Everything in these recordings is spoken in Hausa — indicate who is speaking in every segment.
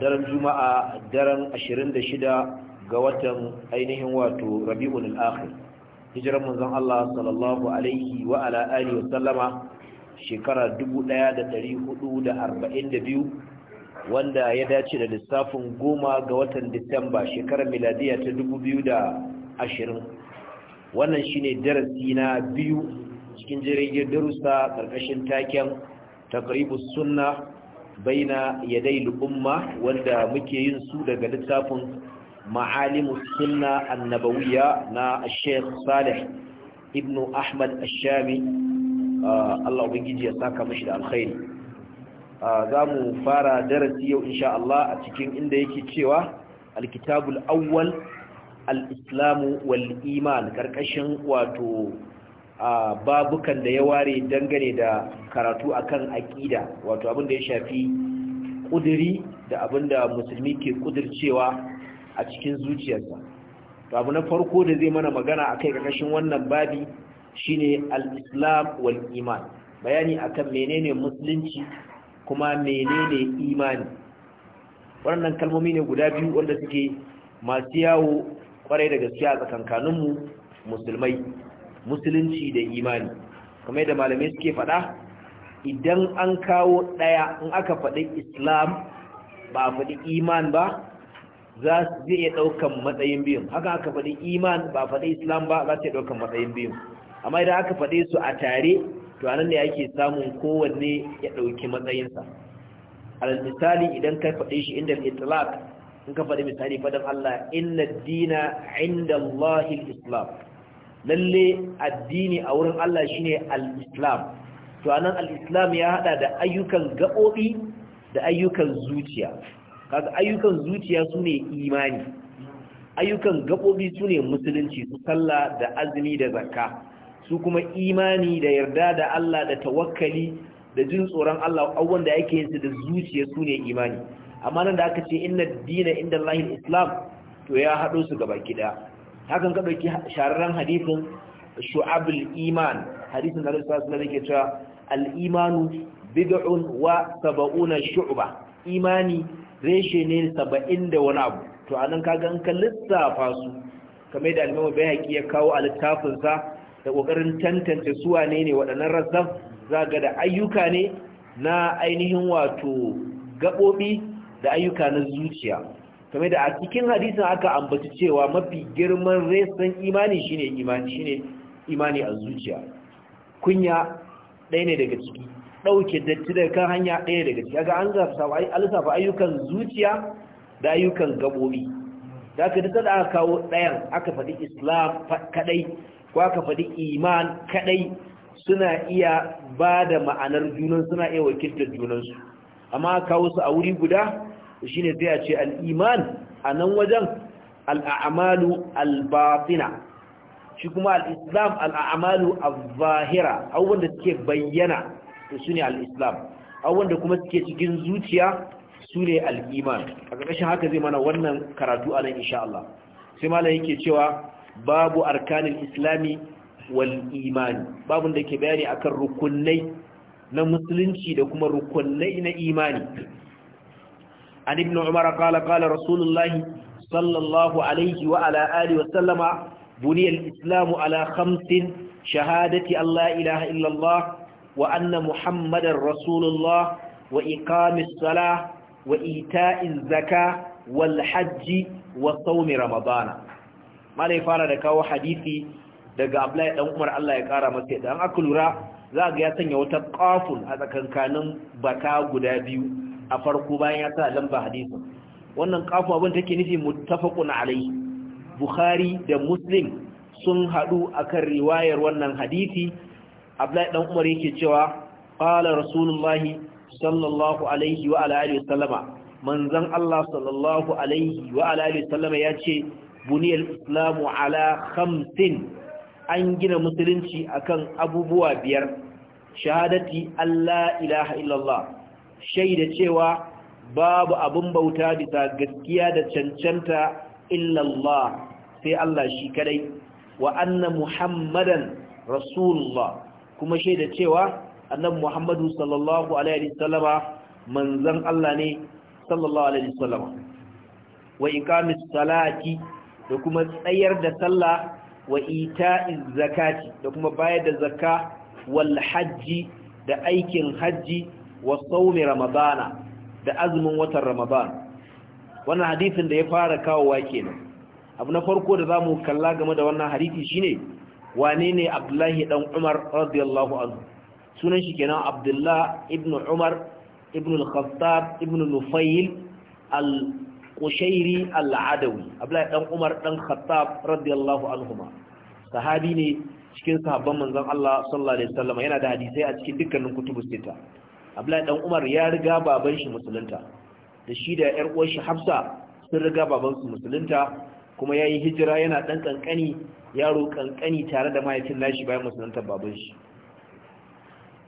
Speaker 1: daren juma'a daren 26 ga watan ainihin wato rabi'un al-akhir hijiran Allah sallallahu alaihi wa ala alihi wa sallama shekara 1442 wanda ya dace da lissafin goma ga watan Disamba shekarar miladiya ta 2020 wannan shine darasi na biyu cikin jirgin darussa karkashin taken taqribus sunna baina yadai umma wanda muke yin su daga littafin ma'alimu sunna annabawiyya na Sheikh Salih ibnu Ahmad Ash-Shami ah, Allah ubangiji ya saka mashi da alkhairi ah, za mu fara darasi yau insha Allah a cikin inda yake cewa alkitabul awwal al-islamu wal iman karkashin wato a babukan da ya ware dangane da karatu akan aƙida wato abin da ya shafi ƙuduri da abin da musulmi ke ƙudurcewa a cikin zuciyarsa to abu na farko da zai mana magana a kai ƙarƙashin wannan babi shine al-islam wal iman bayani akan menene musulunci kuma menene imani waɗannan kalmomi ne guda biyu wanda suke masu yawo kwarai da gaskiya a tsakankaninmu musulmai musulunci da imani kamar yadda malamai suke faɗa idan an kawo ɗaya in aka faɗi islam ba a faɗi iman ba za su iya ɗaukan matsayin biyun haka aka faɗi iman ba a faɗi islam ba za su iya ɗaukan matsayin biyun amma idan aka faɗe su a tare to anan ne ake samun kowanne ya ɗauki matsayinsa alal misali idan ka faɗi shi inda itlaq in ka faɗi misali faɗin Allah inna dina inda Allahil islam lalle addini a wurin Allah shine al-islam to anan al-islam ya haɗa da ayyukan gaɓoɓi da ayyukan zuciya kaga ayyukan zuciya su ne imani ayyukan gaɓoɓi su ne musulunci su sallah da azumi da zakka su kuma imani da yarda da Allah da tawakkali da jin tsoron Allah abubuwan da yake yin su da zuciya su ne imani amma nan da aka ce inna dina inda lahin islam to ya haɗo su gaba gida hakan ka ɗauki shararran hadisin shu'abul iman hadisin da Rasul sallallahu alaihi wasallam cewa al-imanu bid'un wa sab'una shu'ba imani reshe ne 70 da wani abu to anan kaga an ka lissafa su kamar da al-Imam Bayhaqi ya kawo a littafin sa da kokarin tantance su wane ne waɗannan rassan zaga da ayyuka ne na ainihin wato gabobi da ayyuka na zuciya kamar da a cikin hadisin aka ambaci cewa mafi girman resan imani shine imani imani a zuciya kunya ɗaya ne daga ciki ɗauke datti daga kan hanya ɗaya daga ciki ga an zafa ayyukan zuciya da ayyukan gaɓoɓi da aka da aka kawo ɗayan aka faɗi islam kaɗai ko aka faɗi iman kaɗai suna iya ba da ma'anar junan suna iya wakiltar junansu amma kawo su a wuri guda to ne sai a ce al a nan wajen al al shi kuma Al'islam islam al-a'malu zahira abubuwan da suke bayyana to sune al abubuwan da kuma suke cikin zuciya sune ne al'iman? a ƙarƙashin haka zai mana wannan karatu a nan insha Allah sai malam yake cewa babu arkanin islami wal imani babun da ke bayani akan rukunai na musulunci da kuma rukunai na imani an umar qala qala rasulullah sallallahu alaihi wa ala wa sallama buniya islam ala khamsin shahadati allah ilaha illa allah wa anna muhammadar rasulullah wa iqamis salah wa ita'in zakah wal hajji wa sawmi ramadana malai fara da kawo hadisi daga Abdullahi dan Umar Allah ya kara masa yadda an aka lura za ga ya sanya wata kafun a tsakankanin baka guda biyu a farko bayan ya sa lamba hadisin wannan kafu abin take nufi muttafaqun alayhi bukhari da muslim sun hadu akan riwayar wannan hadisi abdullahi dan umar yake cewa qala rasulullahi sallallahu alaihi wa ala alihi wasallama manzon Allah sallallahu alaihi wa ala alihi wasallama yace buniyal islamu ala khamsin an gina musulunci akan abubuwa biyar shahadati Allah ilaha illallah shaida cewa babu abin bauta bisa gaskiya da cancanta illallah sai Allah shi kadai wa anna muhammadan rasulullah kuma shaida cewa annabi muhammadu sallallahu alaihi wasallama manzon Allah ne sallallahu alaihi wasallama wa iqamis salati da kuma tsayar da sallah wa ita'iz zakati da kuma bayar da zakka wal hajji da aikin hajji wa saumi ramadana da azumin watan ramadan wannan hadithin da ya fara kawowa kenan abu na farko da zamu kalla game da wannan hadisi shine wane ne abdullahi dan umar radiyallahu anhu sunan shi kenan abdullah ibn umar ibn al-khattab ibn nufayl al-qushairi al-adawi abdullahi dan umar dan khattab radiyallahu anhuma sahabi ne cikin sahabban manzon Allah sallallahu alaihi wasallam yana da hadisi a cikin dukkanin kutubus sita abdullahi dan umar ya riga baban shi musulunta da shi da yar uwar shi hafsa sun riga baban su musulunta kuma yayi hijira yana dan kankani yaro kankani tare da mahaifin nashi bayan musulunta baban shi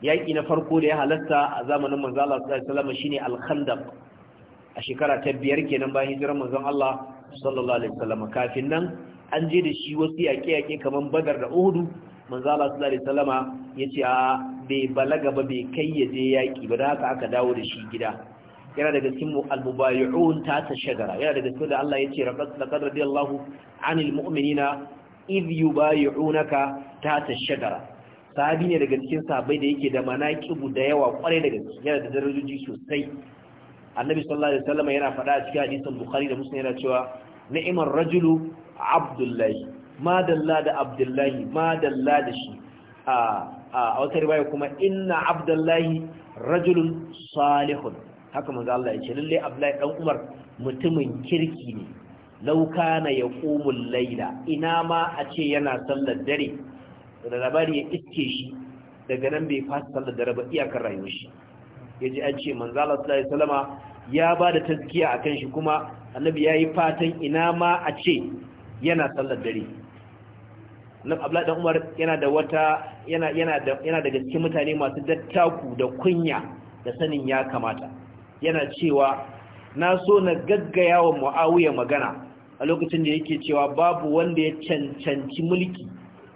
Speaker 1: yaki na farko da ya halatta a zamanin manzo Allah sallallahu alaihi wasallam shine al-khandaq a shekara ta biyar kenan bayan hijirar manzon Allah sallallahu alaihi wasallam kafin nan an je da shi wasu yaƙe-yaƙe kamar Badar da Uhudu manzo Allah sallallahu alaihi wasallama yace a bai balaga ba bai kai ya je yaki ba da haka aka dawo da shi gida yana daga cikin al-mubayi'un ta ta shagara yana daga cikin da Allah yace laqad radiyallahu anil mu'minina idh yubayi'unaka ta ta shagara sahabi ne daga cikin sahabbai da yake da manaqibu da yawa kwarai da gaske yana da darajoji sosai annabi sallallahu alaihi wasallama yana faɗa a cikin hadisin bukhari da muslim yana cewa ni'mar rajulu abdullahi madalla da abdullahi madalla da shi a wata riwaya kuma inna abdullahi rajulun salihun haka manzo Allah ya ce lalle abdullahi dan umar mutumin kirki ne law kana yaqumul layla ina ma a ce yana sallar dare da labari ya iske shi daga nan bai fasa sallar dare ba iyakar rayuwar shi yaji an ce manzo Allah sallallahu alaihi wasallama ya ba da tazkiya akan shi kuma annabi yayi fatan ina ma a ce yana sallar dare nan abla dan umar yana da wata yana daga cikin mutane masu dattaku da kunya da sanin ya kamata yana cewa na so na gaggaya wa ma'awuyar magana a lokacin da yake cewa babu wanda ya cancanci mulki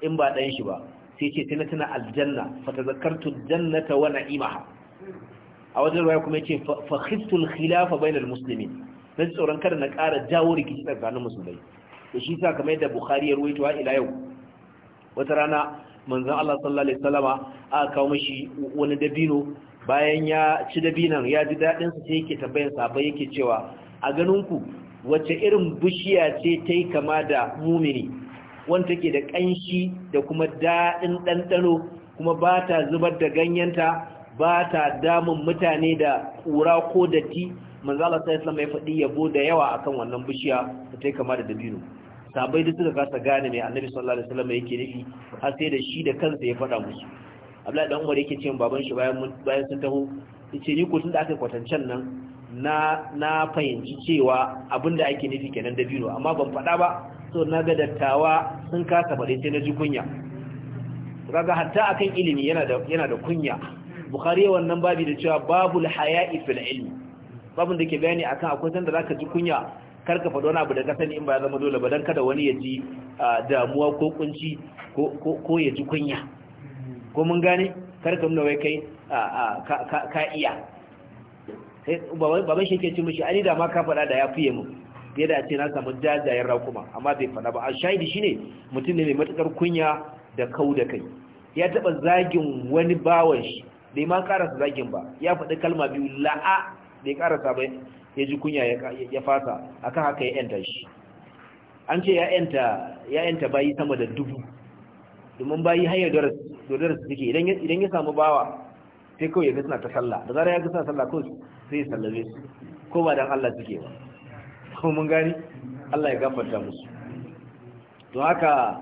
Speaker 1: in ba ɗan shi ba sai ce tana tana aljanna fa tazakkartu jannata wa na'imaha a wajen ruwa kuma ce fa khiftul khilafa bainar musulmi dan tsoron kada na ƙara jawo rikici tsakanin musulmai da shi sa kamar yadda bukhari ya ruwaito ila yau wata rana manzan Allah sallallahu alaihi wasallama a kawo mishi wani dabino bayan ya ci dabinan ya ji daɗinsa sa sai yake tambayan sahabbai yake cewa a ganin ku wace irin bishiya ce ta yi kama da mumini wanda take da kanshi da kuma daɗin ɗanɗano kuma ba ta zubar da ganyenta ba ta damun mutane da ƙura ko datti manzala sai islam ya faɗi yabo da yawa akan wannan bishiya da ta kama da dabino sabai duk suka kasa gane mai annabi sallallahu alaihi wasallam yake nufi har sai da shi da kansa ya faɗa musu Abdullahi dan Umar yake cewa baban shi bayan bayan sun taho yace ni ko tun da aka kwatancen nan na na fahimci cewa abinda ake nufi kenan da amma ban faɗa ba so na ga dattawa sun kasa bare sai na ji kunya kaga hatta akan ilimi yana da yana da kunya bukhari wannan babi da cewa babul haya'i fil ilmi babin da ke bayani akan akwai sanda zaka ji kunya karka faɗo wani abu da ka sani in ba ya zama dole ba don kada wani ya ji damuwa ko kunci ko ya ji kunya ko mun gane karka nuna wai kai ka iya baban shi ke ci mushi ani da ma ka faɗa da ya fiye mu fiye da ce na samu jajayen rakuma amma bai faɗa ba a shahidi shine mutum ne mai matukar kunya da kau da kai ya taɓa zagin wani bawan shi bai ma karasa zagin ba ya faɗi kalma biyu la'a bai karasa ba ya ji kunya ya fasa aka haka ya yanta shi an ce ya yanta bayi sama da dubu domin bayi hanyar dodar su suke idan ya samu bawa sai kawai ya gasa ta sallah da zara ya ta sallah ko sai ya sallabe. su ko ba don Allah suke ba ko mun gani Allah ya gafarta musu to haka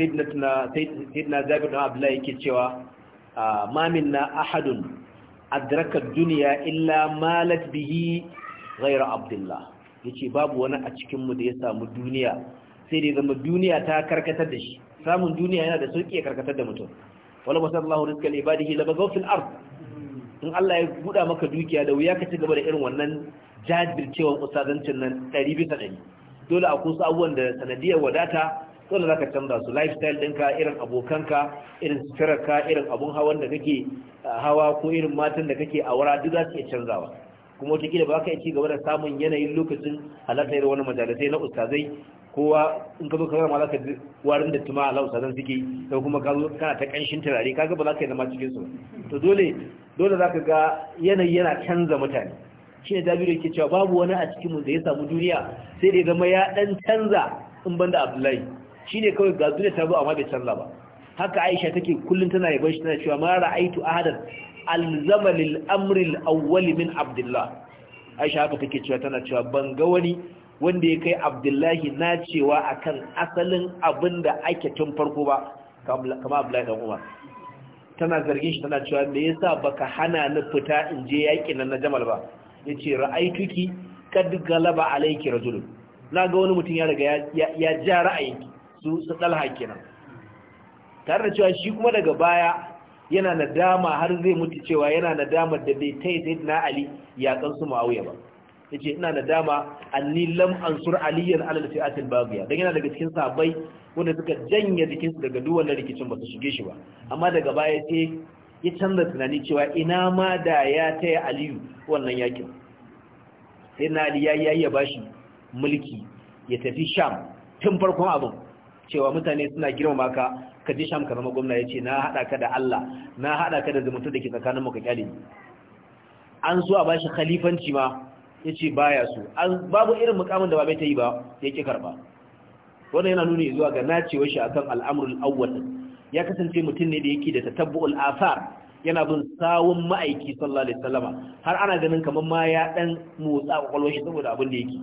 Speaker 1: sayyidina jabir dan abdullahi yake cewa ma minna ahadun adraka duniya illa malat bihi ghairu abdullah yace babu wani a cikin mu da ya samu duniya sai da zama duniya ta karkatar da shi samun duniya yana da sauki ya karkatar da mutum wala wasallahu rizqal ibadihi la bagaw fil ard in Allah ya buda maka dukiya da wuya ka ci gaba da irin wannan jajircewan ustazancin nan 100 bisa 100 dole a su abubuwan da sanadiyar wadata dole za ka canza su lifestyle ɗinka irin abokanka irin suturarka irin abun hawan da kake hawa ko irin matan da kake aura duk za su iya canzawa kuma wataƙila ba ka ci gaba da samun yanayin lokacin halartar wani majalisai na ustazai kowa in ka zo ka zama za ka warin da tuma ala ustazan suke da kuma ka zo kana ta ƙanshin turare kaga ba za ka yi zama cikin su to dole dole za ka ga yanayi yana canza mutane shi ne jabiru yake cewa babu wani a cikin mu da ya samu duniya sai da ya zama ya ɗan canza in banda abdullahi shine kawai ga zuwa ta amma bai sallah ba haka Aisha take kullun tana yabon shi tana cewa ma ra'aitu ahadan alzama lil amri al awwal min Abdullah Aisha haka take cewa tana cewa ban ga wani wanda ya kai Abdullahi na cewa akan asalin da ake tun farko ba kama Abdullahi da Umar tana zargin shi tana cewa me yasa baka hana ni fita in je yakin nan na Jamal ba yace ra'aituki kad galaba alayki Na naga wani mutum ya riga ya ja ra'ayinki su su dalha kenan tare da cewa shi kuma daga baya yana nadama har zai mutu cewa yana nadama da bai tai sai na ali ya kan su muawiya ba yace ina nadama anni lam ansur aliyan ala al-fi'atil baghiya dan yana daga cikin sahabbai wanda suka janye jikin su daga duwan rikicin ba su shige shi ba amma daga baya sai ya canza tunani cewa ina ma da ya taya aliyu wannan yakin sai na ali ya yi ya bashi mulki ya tafi sham tun farkon abin cewa mutane suna girmama ka ka je sham ka zama gwamna ya ce na haɗa ka da Allah na haɗa ka da zumunta da ke tsakanin mu ka kyale an so a bashi khalifanci ma ya ce baya so babu irin mukamin da ba bai ta yi ba ya ki karba wannan yana nuni zuwa ga nacewa shi akan al'amrul awwal ya kasance mutum ne da yake da tatabbu'ul athar yana bin sawun ma'aiki sallallahu alaihi wasallama har ana ganin kamar ma ya dan motsa kwakwalwar shi saboda abin da yake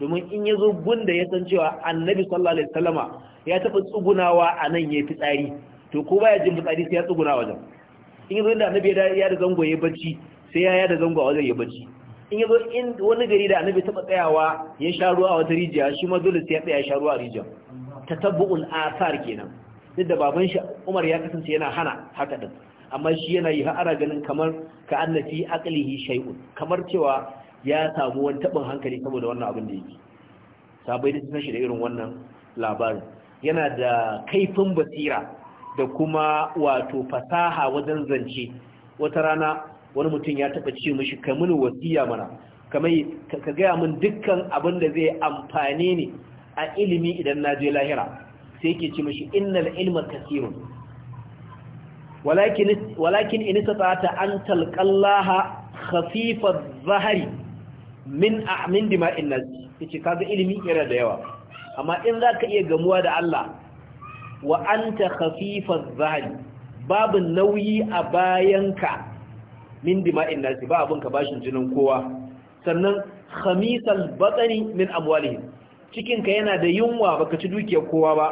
Speaker 1: domin in ya zo gunda ya san cewa annabi sallallahu alaihi wasallama ya taɓa tsugunawa a nan ya fi tsari, to ko baya jin fitsari sai ya tsuguna wajen in yanzu inda annabi ya da zango ya bacci sai ya yada zango a wajen ya bacci in yanzu in wani gari da annabi taɓa tsayawa ya sha ruwa a wata rijiya shi ma dole sai ya tsaya sha ruwa a rijiya tatabbu'ul asar kenan duk da baban shi Umar ya kasance yana hana haka din amma shi yana yi ana ganin kamar ka annafi aqlihi shay'un kamar cewa ya samu wani tabin hankali saboda wannan abin da yake sabai da sun shi da irin wannan labarin yana da kaifin basira da kuma wato fasaha wajen zance wata rana wani mutum ya taba ce mishi ka mini wasiya mana ka gaya min dukkan abin da zai amfane ni a ilimi idan na je lahira sai ke ce mishi innal ilma kasirun walakin in ta an talqallaha khafifa zahari min a'min dima'in nas yace kaga ilimi yana da yawa amma in za ka iya gamuwa da Allah wa an ta khafifar zahari babu nauyi a bayanka min dima'in nasi ba abin ka bashin jinin kowa sannan khamisal batsani min amwalihim cikinka yana da yunwa baka ci dukiyar kowa ba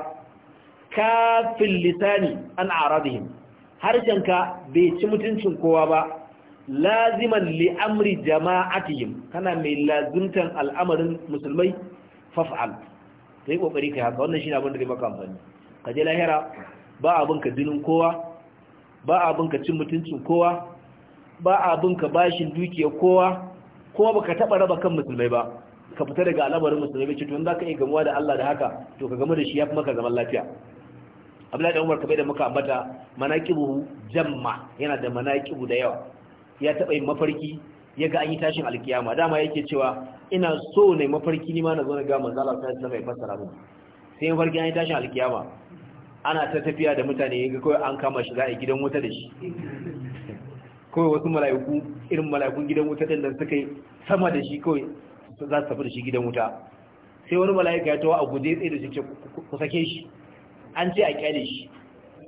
Speaker 1: kafin lisani an harshen harshenka bai ci mutuncin kowa ba laziman li'amri jama'atihim kana mai lazimtan al'amarin musulmai faf'al ka yi ka yi haka wannan ne abin da zai maka amfani ka je lahira ba abin ka jinin kowa ba abin ka cin mutuncin kowa ba abin ka bashin dukiyar kowa ba baka taɓa raba kan musulmai ba ka fita daga al'amarin musulmai ce to in ka iya gamuwa da Allah da haka to ka gamu da shi ya fi maka zaman lafiya Abdullahi Umar kabe da muka ambata manaqibu jamma yana da manaqibu da yawa ya taɓa yin mafarki ya ga an yi tashin alkiyama dama yake cewa ina so ne mafarki ni ma na zo na ga manzo Allah sai mai fassara mu sai farki an yi tashin alkiyama ana ta tafiya da mutane ga kawai an kama shi za a yi gidan wuta da shi kawai wasu mala'iku irin mala'ikun gidan wuta din da suka yi sama da shi kawai za su tafi da shi gidan wuta sai wani mala'ika ya tawa a guje tsaye da shi ku sake shi an ce a kyale shi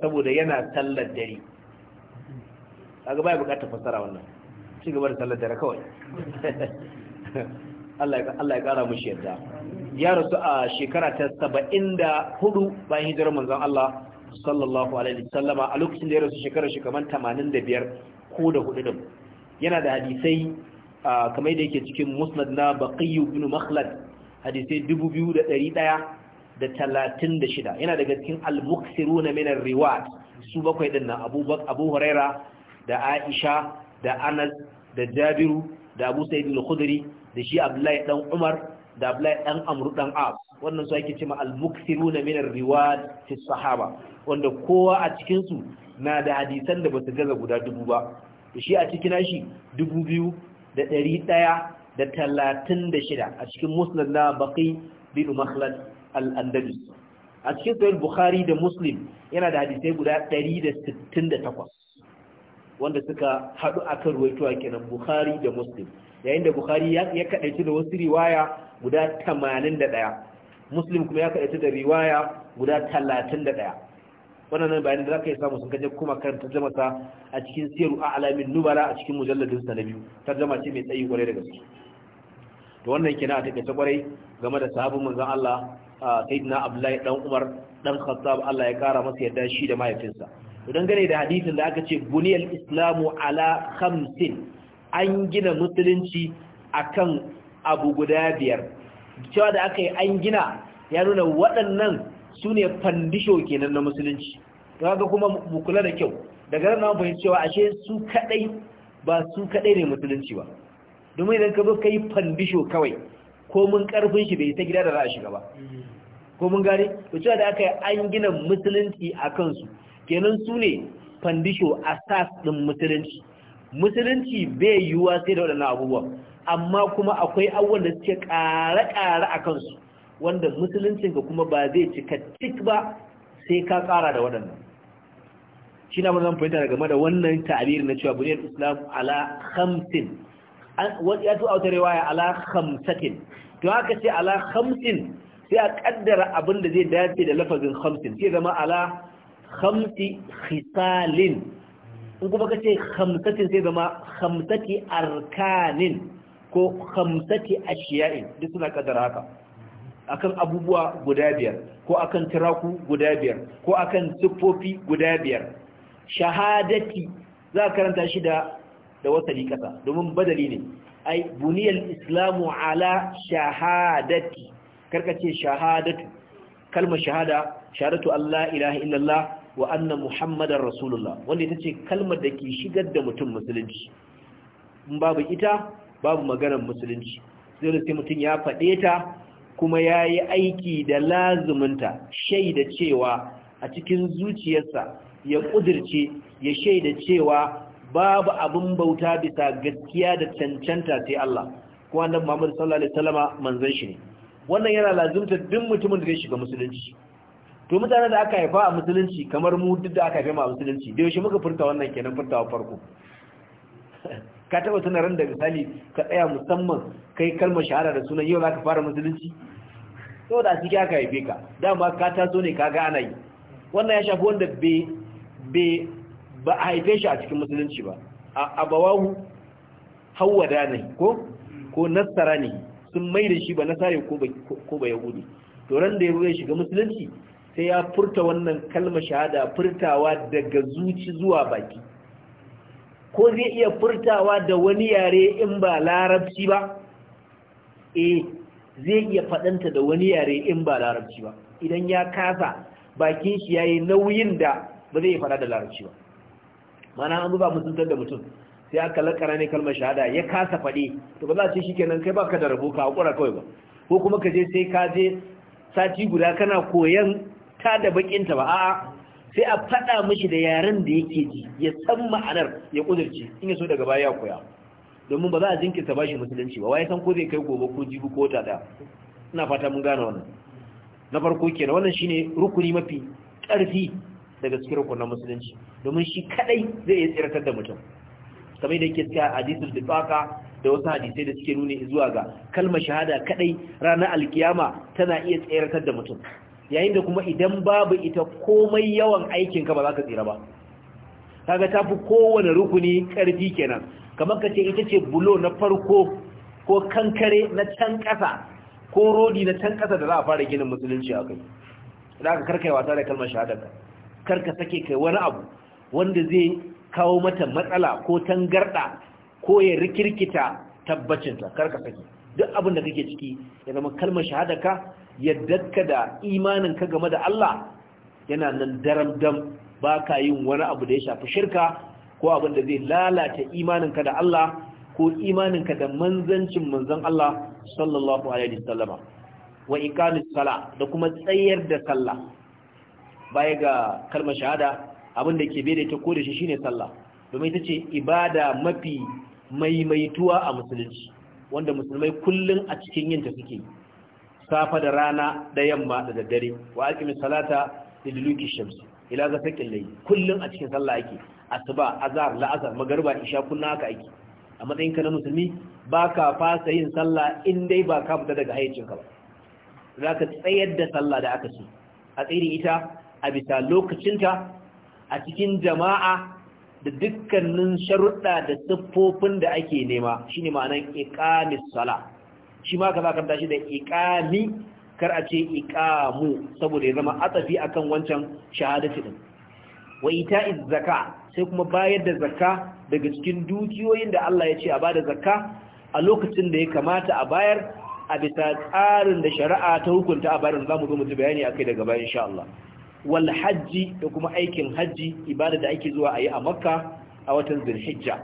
Speaker 1: saboda yana sallar dare gaba ya bukatar fassara wannan ci gaba da sallar dare kawai Allah ya ƙara mushi yadda ya rasu a shekara ta saba'in da hudu bayan hijirar manzon Allah sallallahu alaihi a lokacin da ya rasu shekarar shi tamanin da biyar ko da hudu din yana da hadisai kamar da yake cikin musnad na baqiyu bin makhlad hadisai dubu biyu da ɗari ɗaya da talatin da shida yana daga cikin almuksiru na minar riwat su bakwai ɗin na abu huraira da aisha da anas da jabiru da abu Sayyid al-khudri da shi abdullahi dan umar da abdullahi dan amru dan as wannan su ake cewa al-mukthiruna min ar-riwayat fi sahaba wanda kowa a cikin su na da hadisan da basu gaza guda dubu ba da shi a cikin shi dubu biyu da ɗari ɗaya da talatin da shida a cikin muslim na baƙi bin makhlad al-andalus a cikin sayar bukhari da muslim yana da hadisai guda ɗari da sittin da takwas wanda suka haɗu akan ruwaito a kenan bukhari da muslim yayin da bukhari ya kadaici da wasu riwaya guda 81 muslim kuma ya kadaici da riwaya guda 31 wannan bayanin da zaka yi samu sun kaje kuma kan tarjuma ta a cikin siru a'lamin nubara a cikin mujalladin sa na biyu tarjuma ce mai tsayi kwarai da gaske to wannan kenan a ta kwarai game da sahabin manzon Allah sayyidina Abdullahi dan Umar dan Khattab Allah ya kara masa yadda shi da mahaifinsa idan gane da hadisin da aka ce buniyal islamu ala khamsin an gina musulunci akan abu guda biyar cewa da aka yi an gina ya nuna waɗannan su ne fandisho kenan na musulunci ga kuma mu da kyau daga nan na cewa ashe su kadai ba su kadai ne musulunci ba domin idan ka zo ka yi fandisho kawai ko mun karfin shi bai ta gida da za a shiga ko mun gane to cewa da aka yi an gina musulunci a kansu kenan su ne fandisho a sas ɗin musulunci musulunci bai yiwuwa sai da waɗannan abubuwan amma kuma akwai abubuwan da suke ƙare-ƙare a kansu wanda musuluncin ga kuma ba zai cika tik ba sai ka ƙara da waɗannan shi na mazan fahimta game da wannan ta'abiri na cewa buniyar islam ala hamsin ya tu auta riwaya ala hamsatin to haka ce ala hamsin sai a ƙaddara abin da zai dace da lafazin hamsin sai zama ala hamsi khisalin in kuma kace khamsatin sai zama khamsati arkanin ko khamsati ashiya'in duk suna kadara haka akan abubuwa guda biyar ko akan tiraku guda biyar ko akan siffofi guda biyar shahadati za ka karanta shi da da wasali kasa domin badali ne ai buniyal islamu ala shahadati karkace shahadatu kalmar shahada shahadatu Allah ilaha illallah wa anna muhammadar rasulullah wanda ita ce kalmar da ke shigar da mutum musulunci in babu ita babu maganar musulunci zai sai mutum ya faɗe ta kuma ya yi aiki da lazuminta shaida cewa a cikin zuciyarsa ya ƙudirce ya shaida cewa babu abin bauta bisa gaskiya da cancanta sai Allah kuma annabi Muhammad sallallahu alaihi wasallama manzon shi ne wannan yana lazumta duk mutumin da zai shiga musulunci to mutane da aka haifa a musulunci kamar mu duk da aka haifa a musulunci da yaushe muka furta wannan kenan furtawa farko ka taba tana ran da misali ka tsaya musamman kai kalmar shahara da sunan yau zaka fara musulunci saboda a cikin aka haife ka dama ka taso ne ka ga ana yi wannan ya shafi wanda be ba a haife shi a cikin musulunci ba a abawahu hawwada ne ko ko nasara ne sun mai da shi ba nasare ko ba yahudi to ran da ya shiga musulunci sai ya furta wannan kalmar shahada furtawa daga zuci zuwa baki ko zai iya furtawa da wani yare in ba larabci ba e zai iya faɗanta da wani yare in ba larabci ba idan ya kasa bakin shi yayi nauyin da ba zai fada da larabci ba mana an zuba mutuntar da mutum sai aka lakara ne kalmar shahada ya kasa faɗi to ba za a ce shikenan kai baka da rabo ka hakura kawai ba ko kuma ka je sai ka je sati guda kana koyan ta da bakinta ba a'a sai a faɗa mishi da yaren da yake ji ya san ma'anar ya kudurce in ya so daga baya ya koya domin ba za a jinkirta bashi musulunci ba waye san ko zai kai gobe ko jibi ko tada ina fata mun gane wannan na farko kenan wannan shine rukuni mafi karfi daga cikin na musulunci domin shi kadai zai iya tsiratar da mutum kamar da yake cikin hadisul difaka da wasu hadisai da suke nuni zuwa ga kalmar shahada kadai ranar alkiyama tana iya tsiratar da mutum yayin da kuma idan babu ita komai yawan aikinka ba za ka tsira ba kaga tafi kowane rukuni karfi kenan kamar ka ce ita ce bulo na farko ko kankare na can ƙasa ko rodi na can ƙasa da za a fara ginin musulunci a kai da aka karkai wasa da kalmar shahadarka karka sake kai wani abu wanda zai kawo mata matsala ko tangarda ko ya rikirkita tabbacinta karka sake duk abin da kake ciki ya zama kalmar shahadarka yaddarka da imanin ka game da Allah yana nan daram dam ba ka yin wani abu da ya shafi shirka ko abin da zai lalata imaninka da Allah ko imanin ka da manzancin manzan Allah sallallahu alaihi wasallama wa iqamis sala da kuma tsayar da sallah baya ga kalmar shahada abin da ke bere ta ko da shi shine sallah domin ita ce ibada mafi maimaituwa a musulunci wanda musulmai kullum a cikin yin yinta suke safa da rana da yamma da daddare wa aqimi salata liduluki shamsi ila ghasaqil layl kullum a cikin sallah ake asuba azhar la'azar, magariba, isha kunna haka ake a matsayin ka na musulmi baka fasa yin sallah in dai ba ka fita daga ka ba Za ka tsayar da sallah da aka ci. a tsirin ita a bisa lokacinta a cikin jama'a da dukkanin sharuɗa da siffofin da ake nema shine ma'anan ikamis sala shi ma ka zakanta shi da ikami kar a ce ikamu saboda ya zama atafi akan wancan shahadatu ɗin wa ita'iz zaka sai kuma bayar da zaka daga cikin dukiyoyin da Allah ya ce a bada zaka a lokacin da ya kamata a bayar a bisa tsarin da shari'a ta hukunta a bayar mu zo mu ji bayani akai daga bayan insha Allah wal hajji da kuma aikin hajji ibada da ake zuwa a yi a makka a watan zulhijja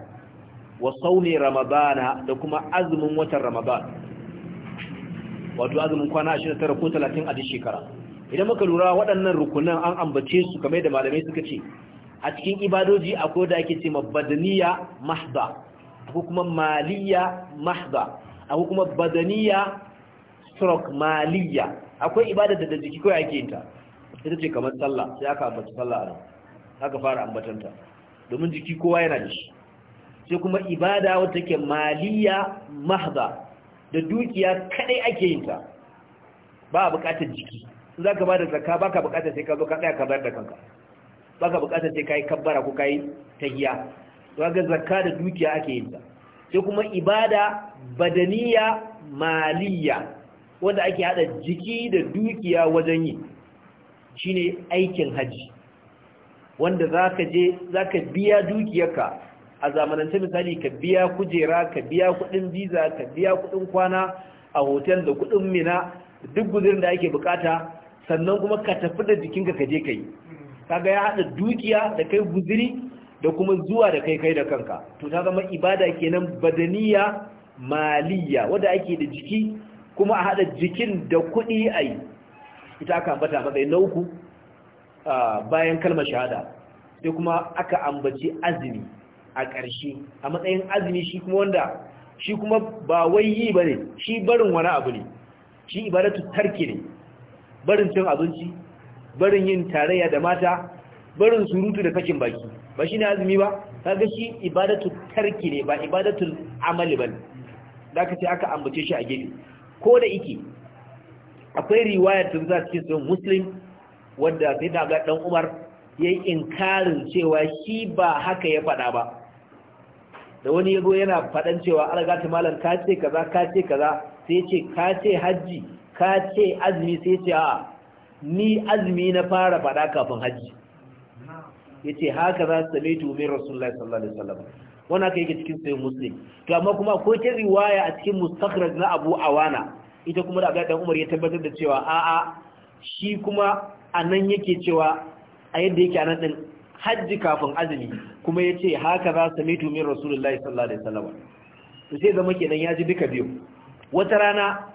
Speaker 1: wa sauni ramadana da kuma azumin watan ramadan wato azumin kwana 29 ko 30 a duk shekara idan muka lura waɗannan rukunan an ambace su kamar da malamai suka ce a cikin ibadoji akwai da ake ce badaniya mahda akwai kuma maliya mahda akwai kuma badaniya stroke maliya akwai ibada da jiki kawai ake yin ta ita ce kamar tsalla, sai aka ambata tsalla a nan aka fara ambatanta domin jiki kowa yana da shi sai kuma ibada wata ke maliya mahza da dukiya kadai ake yin ta ba a bukatar jiki za ka ba da zaka ba ka bukatar sai ka zo ka tsaya ka bayar da kanka ba ka bukatar sai ka yi kabbara ko ka yi tahiya za ga zakka da dukiya ake yin ta sai kuma ibada badaniya maliya wanda ake hada jiki da dukiya wajen yi shine aikin haji wanda za ka biya dukiyarka a zamanance misali ka biya kujera ka biya kudin visa ka biya kudin kwana a hotel da kudin mina duk guzirin da ake bukata sannan kuma ka tafi da jikinka ka je kai kaga ya hada dukiya da kai guziri da kuma zuwa da kai kai da kanka to ta zama ibada kenan badaniya maliya wanda ake da jiki kuma a haɗa jikin da kudi ai ita aka ambata a matsayin na uku bayan kalmar shahada sai kuma aka ambaci azumi a ƙarshe a matsayin azumi shi kuma wanda shi kuma ba wai yi ba ne shi barin wani abu ne shi ibadatu tarki ne barin cin abinci barin yin tarayya da mata barin surutu da kashin baki ba shi ne azumi ba ga shi ibadatu tarki ne ba ibadatu amali ba ne da aka ce aka ambace shi a gefe ko da ike akwai riwayar da za cikin sun muslim wadda sai da ga dan umar ya yi inkarin cewa shi ba haka ya fada ba da wani yago yana fadan cewa an gata malam ka ce kaza ka ce kaza sai ce ka ce hajji ka ce azumi sai ce a ni azumi na fara fada kafin hajji ya ce haka za su mai tu rasulullahi sallallahu alaihi wasallam wannan kai yake cikin sai muslim to amma kuma akwai ta riwaya a cikin mustakhraj na abu awana ita kuma da Abdullahi Umar ya tabbatar da cewa a'a shi kuma a nan yake cewa a yadda yake anan din hajji kafin azumi kuma ya ce haka za su mitu min Rasulullahi sallallahu alaihi wasallam to sai zama kenan ya ji duka biyu wata rana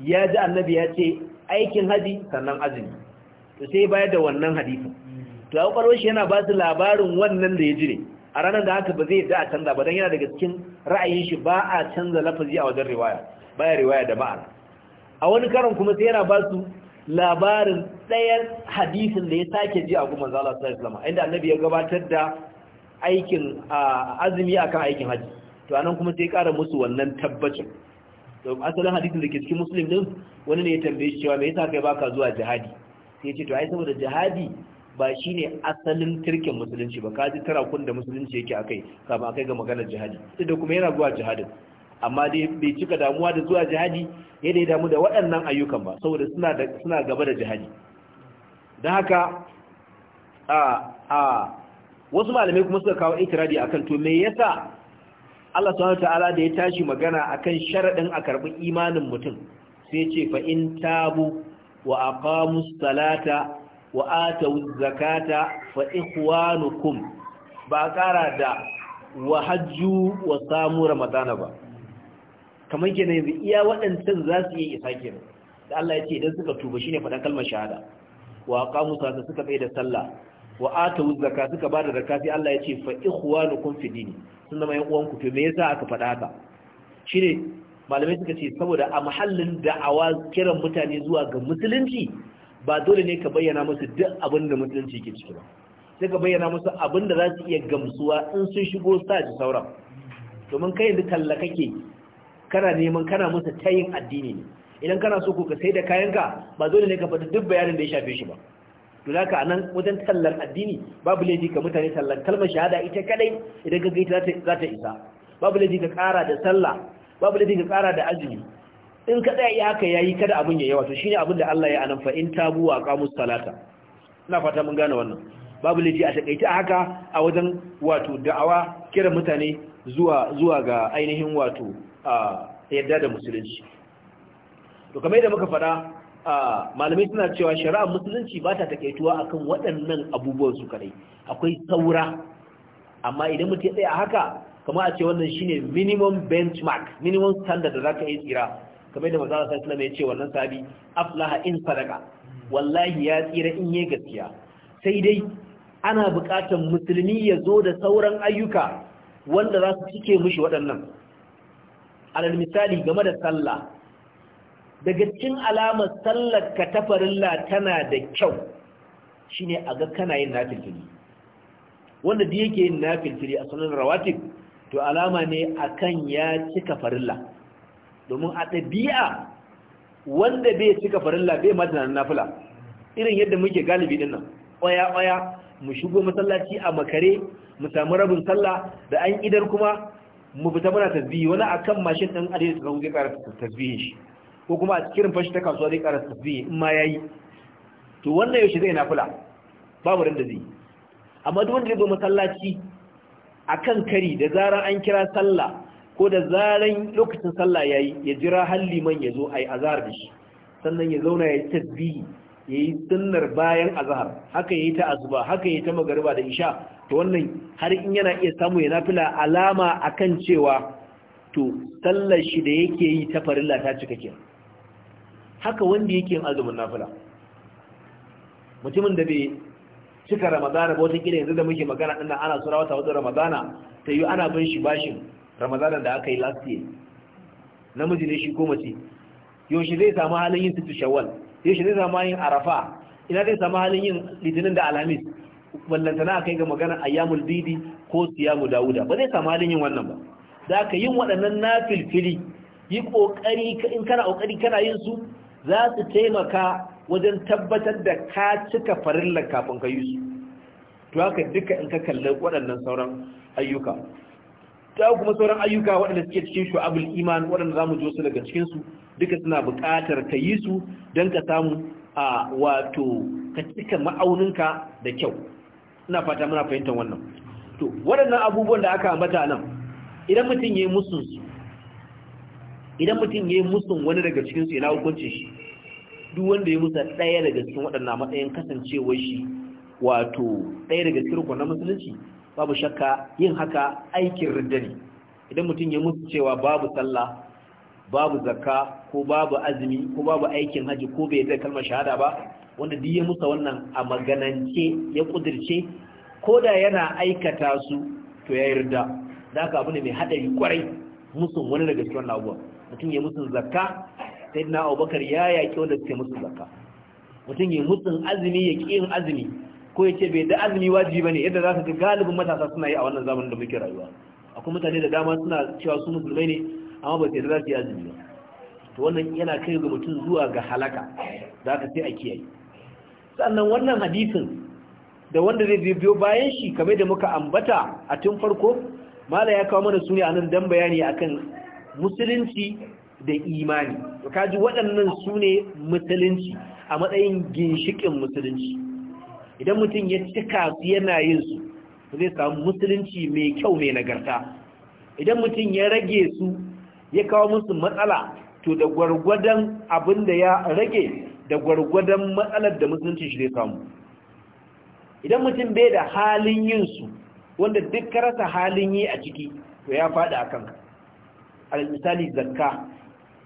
Speaker 1: ya ji annabi ya ce aikin haji sannan azumi to sai bayar da wannan hadisi to ya kwaro shi yana ba su labarin wannan da ya ji ne a ranar da haka ba zai da a canza ba Dan yana daga cikin ra'ayin shi ba a canza lafazi a wajen riwaya baya riwaya da ma'ana a wani karan kuma sai yana ba su labarin ɗayan hadisin da ya sake ji a kuma zala ta Islama. inda annabi ya gabatar da aikin azumi akan aikin haji to anan kuma sai ƙara musu wannan tabbacin to asalin hadisin da ke cikin musulun din wani ne ya tambaye shi cewa me yasa kai baka zuwa jihadi sai ce to ai saboda jihadi ba shi ne asalin turkin musulunci ba kaji kun da musulunci yake akai kafin akai ga maganar jihadi duk da kuma yana zuwa jihadin amma dai bai cika damuwa da zuwa jihadi ya dai damu da waɗannan ayyukan ba saboda suna gaba da jihadi don haka a wasu malamai kuma suka kawo ikirari akan to me yasa Allah subhanahu ta'ala da ya tashi magana akan sharaɗin a karɓi imanin mutum sai ce fa in tabu wa aqamus salata wa atawuz zakata fa ikhwanukum ba ƙara da wa hajju wa samu ramadana ba kamar ke yanzu iya waɗancan za su yi isa kenan da Allah ya ce idan suka tuba shine faɗan kalmar shahada wa qamu salata suka bai da sallah wa atu zakka suka bada zakka sai Allah ya ce fa ikhwanukum fi dini sun zama yan uwanku to me yasa aka faɗa haka shine malamai suka ce saboda a mahallin da'awa kiran mutane zuwa ga musulunci ba dole ne ka bayyana musu duk abin da musulunci ke ciki ba sai ka bayyana musu abin da za su iya gamsuwa in sun shigo sa ji sauran domin kai yanzu kalla kake kana neman kana musu yin addini ne idan kana so ku ka sai da kayanka ba dole ne ka faɗi duk bayanin da ya shafe shi ba to haka anan wajen tallar addini babu laifi ka mutane tallar kalmar shahada ita kadai idan ka gaita za ta isa babu laifi ka ƙara da sallah babu laifi ka ƙara da azumi in ka tsaya haka yayi kada abin ya yawa to shine abin da Allah ya anan fa in tabu wa qamus salata ina fata mun gane wannan babu laifi a takaice haka a wajen wato da'awa kira mutane zuwa zuwa ga ainihin wato yadda da musulunci to kamar yadda muka faɗa malamai suna cewa shari'ar musulunci ba ta takaituwa akan waɗannan abubuwan su kadai akwai saura amma idan mutum ya a haka kamar a ce wannan shine minimum benchmark minimum standard da zaka yi tsira kamar yadda mazala sai alaihi ya ce wannan sabi aflaha in sadaka wallahi ya tsira in yi gaskiya sai dai ana buƙatar musulmi ya zo da sauran ayyuka wanda za su cike mushi waɗannan alal misali game da sallah daga cikin alamar sallar ka ta farilla tana da kyau shine a ga kana yin nafilfili wanda da yake yin nafilfili a sunan rawatib to alama ne akan ya cika farilla domin a ɗabi'a wanda bai cika farilla bai madana nafila irin yadda muke galibi dinnan oya oya mu shigo masallaci a makare mu samu rabin sallah da an idar kuma mu fita muna tasbihi wani akan mashin din adai su zai ƙara tasbihi shi ko kuma a cikin fashi ta kasuwa zai ƙara tasbihi in ma yayi to wannan yaushe zai nafila babu ran da zai amma duk wanda ya zo masallaci akan kari da zaran an kira sallah ko da zaran lokacin sallah yayi ya jira halli man ya zo ai azhar da shi sannan ya zauna ya tasbihi yayi sunnar bayan azhar haka yayi ta azuba haka yayi ta magariba da isha to wannan har in yana iya samu ya nafila alama akan cewa to sallar shi da yake yi ta farilla ta cika ke haka wanda yake yin azumin nafila mutumin da bai cika ramadana ba wata kira yanzu da muke magana din nan ana sura wata wata ramadana ta yi ana bin shi bashin ramadana da aka yi last year namiji ne shi ko mace yaushe zai samu halin yin sittu shawwal yaushe zai samu yin arafa ina zai samu halin yin litinin da alhamis ballantana a kai ga magana ayyamul didi ko siyamu dawuda ba zai samu halin yin wannan ba za ka yin waɗannan na yi ƙoƙari in kana ƙoƙari kana yin su za su taimaka wajen tabbatar da ka cika farillar kafin ka yi su to haka duka in ka kalli waɗannan sauran ayyuka ta kuma sauran ayyuka waɗanda suke cikin shu'abul iman waɗanda za mu jo su daga cikinsu duka suna buƙatar ka yi su don ka samu a wato ka cika ma'auninka da kyau ina fata muna fahimta wannan to waɗannan abubuwan da aka ambata nan idan mutum yayi musun su idan mutum yayin musun wani daga cikin su ina hukuncin shi duk wanda ya musa ɗaya daga cikin waɗannan matsayin kasancewar shi wato ɗaya daga cikin na musulunci babu shakka yin haka aikin ridda ne idan mutum ya musu cewa babu sallah babu zakka ko babu azumi ko babu aikin haji ko bai da kalmar shahada ba wanda duk ya musa wannan a maganance ya kudirce ko da yana aikata su to ya yarda da ka abu ne mai haɗari kwarai musu wani daga cikin abuwa mutum ya musu zakka sai na abubakar ya yaƙi wanda suke musu zakka mutum ya musu azumi ya ƙi yin azumi ko ya ce bai da azumi wajibi ne. yadda za ka ga galibin matasa suna yi a wannan zamanin da muke rayuwa akwai mutane da dama suna cewa su musulmai ne amma ba su yarda za su yi azumi ba to wannan yana kai ga mutum zuwa ga halaka za ka sai a kiyaye sannan wannan hadisin da wanda zai biyo bayan shi kamar da muka ambata a tun farko mala ya kawo mana sune anan dan bayani akan musulunci da imani to kaji waɗannan sune musulunci a matsayin ginshikin musulunci idan mutum ya cika su yana yin su zai samu musulunci mai kyau mai nagarta idan mutum ya rage su ya kawo musu matsala to da gwargwadon abin da ya rage da gwargwadon matsalar da musulunci shi zai samu idan mutum bai da halin yin su wanda duk rasa halin yi a ciki to ya faɗi a kanka al misali zakka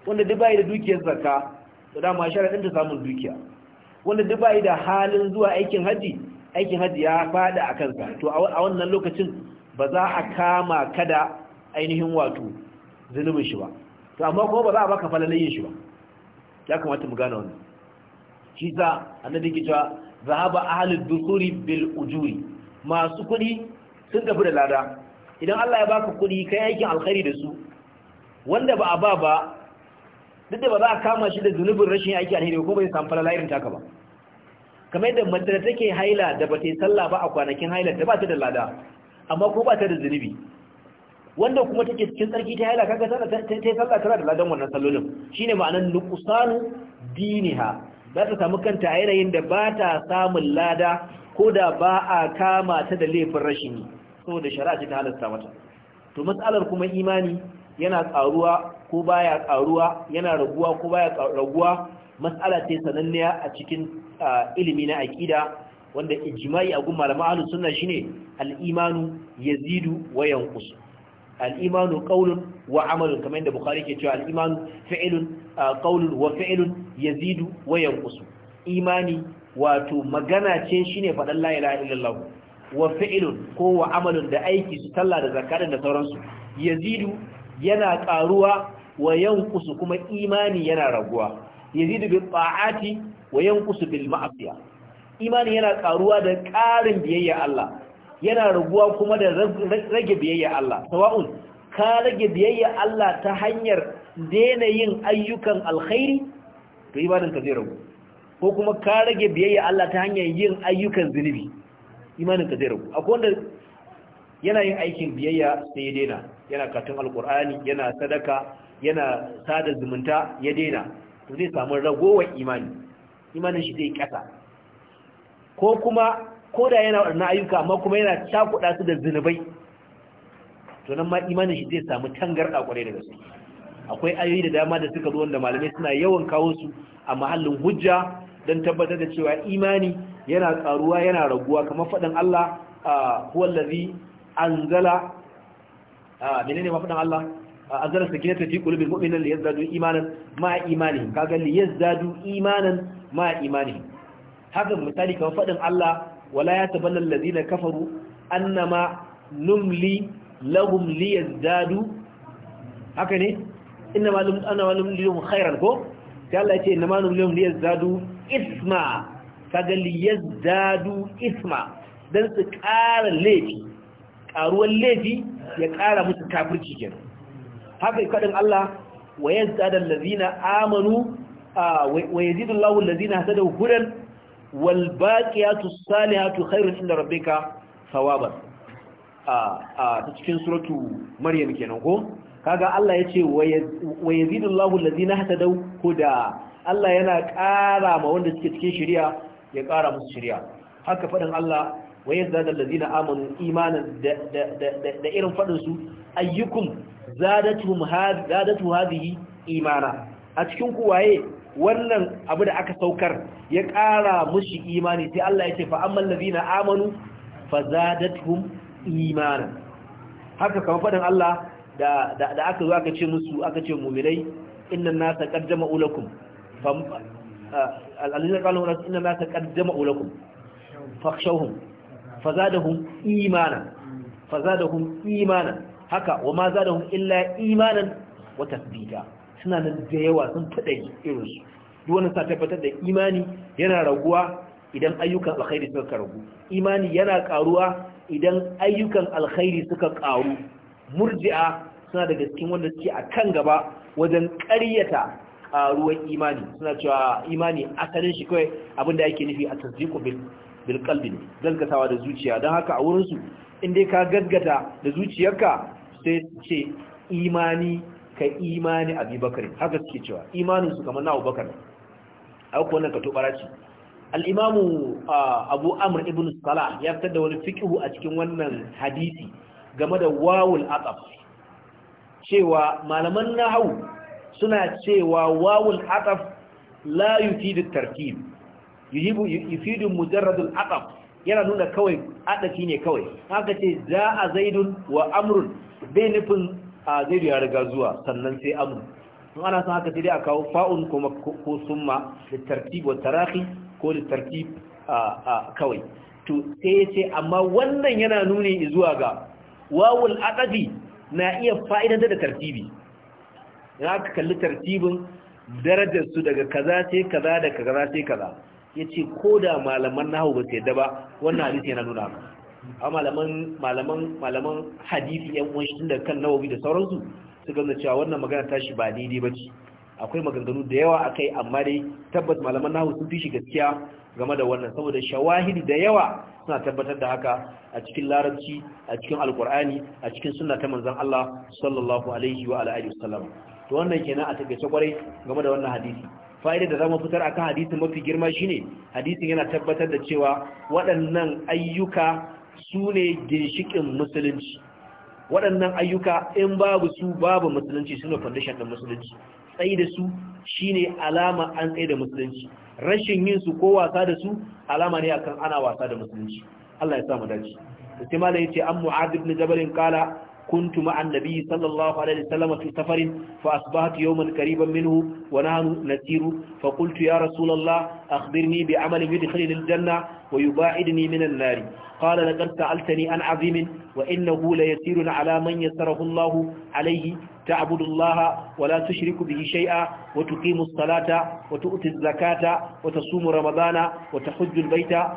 Speaker 1: wanda duk bai da dukiyar zakka to dama sharaɗin ta samun dukiya wanda duk bai da halin zuwa aikin haji aikin haji ya faɗi a kansa to a wannan lokacin ba za a kama kada ainihin wato zunubin shi ba to amma kuma ba za a baka falalayin shi ba ya kamata mu gane wannan shi a annabi ke cewa zahaba ahlud dusuri bil ujuri masu kuɗi sun tafi da lada idan Allah ya baka kuɗi kai aikin alkhairi da su wanda ba a ba ba duk da ba za a kama shi da zunubin rashin aiki alheri ko bai samu falala irin taka ba kamar yadda mace da take haila da ba ta yi sallah ba a kwanakin haila da ba ta da lada amma ko ba ta da zunubi wanda kuma take cikin tsarki ta haila kaga tana ta yi sallah tana da ladan wannan sallolin shine ma'anar nuqsanu diniha za ta samu kanta a yanayin da ba ta samun lada ko da ba a kama ta da laifin rashin yi saboda shari'a ce ta halasta mata to matsalar kuma imani yana karuwa ko baya karuwa yana raguwa ko baya raguwa matsala ce sananniya a cikin ilimi na aƙida wanda ijma'i a gun malaman ahlus sunna shine al-imanu yazidu wa yanqus Al'imanu imanu wa amalin kamar yadda bukhari ke cewa al'imanu imanu fi'lun wa fi'lun yazidu wa yanqusu imani wato magana ce shine faɗan la ilaha illallah wa fi'lun ko wa amalin da aiki su talla da zakka da sauransu yazidu yana ƙaruwa wa yanqusu kuma imani yana raguwa yazidu bi ta'ati wa yanqusu bil ma'asiya imani yana ƙaruwa da ƙarin biyayya Allah yana raguwa kuma da rage biyayya Allah sawa'un ka rage biyayya Allah ta hanyar daina yin ayyukan alkhairi to imaninka zai ragu ko kuma ka rage biyayya Allah ta hanyar yin ayyukan zunubi imaninka zai ragu akwai wanda yana yin aikin biyayya sai ya daina yana katun alkur'ani yana sadaka yana sada zumunta ya daina to zai samu ragowar imani imanin shi zai kasa ko kuma ko da yana waɗannan ayyuka amma kuma yana cakuɗa su da zunubai to nan ma imanin shi zai samu tangarɗa ƙwarai da gaske akwai ayoyi da dama da suka zo wanda malamai suna yawan kawo su a mahallin hujja don tabbatar da cewa imani yana ƙaruwa yana raguwa kamar faɗin Allah huwallazi anzala menene ma faɗin Allah anzala sakinata fi qulubil mu'minin liyazdadu imanan ma imanihim kaga liyazdadu imanan ma imanihim haka misali kamar faɗin Allah wala ya tabanna alladhina kafaru annama numli lahum liyazdadu haka ne innama annama numli lahum ko sai ya ce innama numli lahum liyazdadu isma kaga liyazdadu isma dan su ƙara laifi ƙaruwan laifi ya ƙara musu kafirci kenan haka kadin Allah wa yazdadu allazina amanu wa wal baqiyatu salihatu khairun inda rabbika thawaban a ta cikin suratu maryam kenan ko kaga Allah yace wa yazidullahu allazina ko huda Allah yana ƙara ma wanda suke cikin shari'a ya ƙara musu shari'a haka fadin Allah wa yazada allazina amanu imanan da irin fadin su ayyukum zadatuhum hadhihi imana a cikin ku waye wannan abu da aka saukar ya ƙara mushi imani sai Allah ya ce fa amman ladina amanu fazadatuhum imanin. haka kamar faɗin Allah da aka zo aka ce musu aka ce mu'minai innan nasa qad jama'u lakum alladhina qalu innan nasa fa jama'u lakum fakhshawhum fazadahum imana haka wa ma zadahum illa imanin wa tasbita suna nan da yawa sun taɗa irinsu duk wani sa tabbatar da imani yana raguwa idan ayyukan alkhairi suka ragu imani yana karuwa idan ayyukan alkhairi suka karu murji'a suna daga cikin wanda suke akan gaba wajen ƙaryata karuwar imani suna cewa imani asalin shi kawai abin da yake nufi a tasdiqu bil bil qalbi gaskatawa da zuciya don haka a wurin su in dai ka gaggata da zuciyarka sai ce imani ka imani abubakar haka suke cewa imanin su kamar na abubakar aiko wannan ka to baraci Al'imamu abu amr ibn salah ya fitar da wani fikihu a cikin wannan hadisi game da wawul aqab cewa malaman nahwu suna cewa wawul aqab la yufidu tartib yujibu yufidu mujarrad al yana nuna kawai adaki ne kawai haka ce za a zaidun wa amrun bai nufin zai ya riga zuwa sannan sai amu in ana san haka sai dai a kawo fa'un kuma ko summa da tartib wa tarahi ko da tartib kawai to sai ce amma wannan yana nuni zuwa ga wawul aqdi na iya fa'idanta da tartibi za ka kalli tartibin darajar su daga kaza sai kaza da kaza sai kaza yace ko da malaman nahawu ba su da ba wannan hadisi yana nuna a malaman malaman hadisi yan uwan shi da kan nawawi da sauransu su gano cewa wannan magana tashi ba daidai ba ce akwai maganganu da yawa akai amma dai tabbas malaman nahu sun fi shi gaskiya game da wannan saboda shawahidi da yawa suna tabbatar da haka a cikin larabci a cikin alkur'ani a cikin sunna ta manzon Allah sallallahu alaihi wa alihi wasallam to wannan kenan a takeice kwarai game da wannan hadisi fa'ida da zamu fitar akan hadisin mafi girma shine hadisin yana tabbatar da cewa waɗannan ayyuka su ne ginshikin musulunci waɗannan ayyuka in babu su babu musulunci suna foundation ɗin musulunci tsaye da su shine alama an tsaye da musulunci rashin yin su ko wasa da su alama ne akan ana wasa da musulunci Allah ya samu dace sai malai yace an mu'adh ibn jabal qala kuntu ma'an nabiy sallallahu alaihi wasallam fi safarin fa asbahtu yawman qariban minhu wa nahnu nasiru fa qultu ya rasulullah akhbirni bi amalin yudkhilni al-janna wa yubaidni min an-nar qala laqad sa'altani an azimin wa innahu la yasirun ala man yasarahu Allahu alayhi ta'budu Allah wa la tushriku bihi shay'a wa tuqimu salata wa tu'ti az-zakata wa tasumu ramadana wa tahujju al-bayta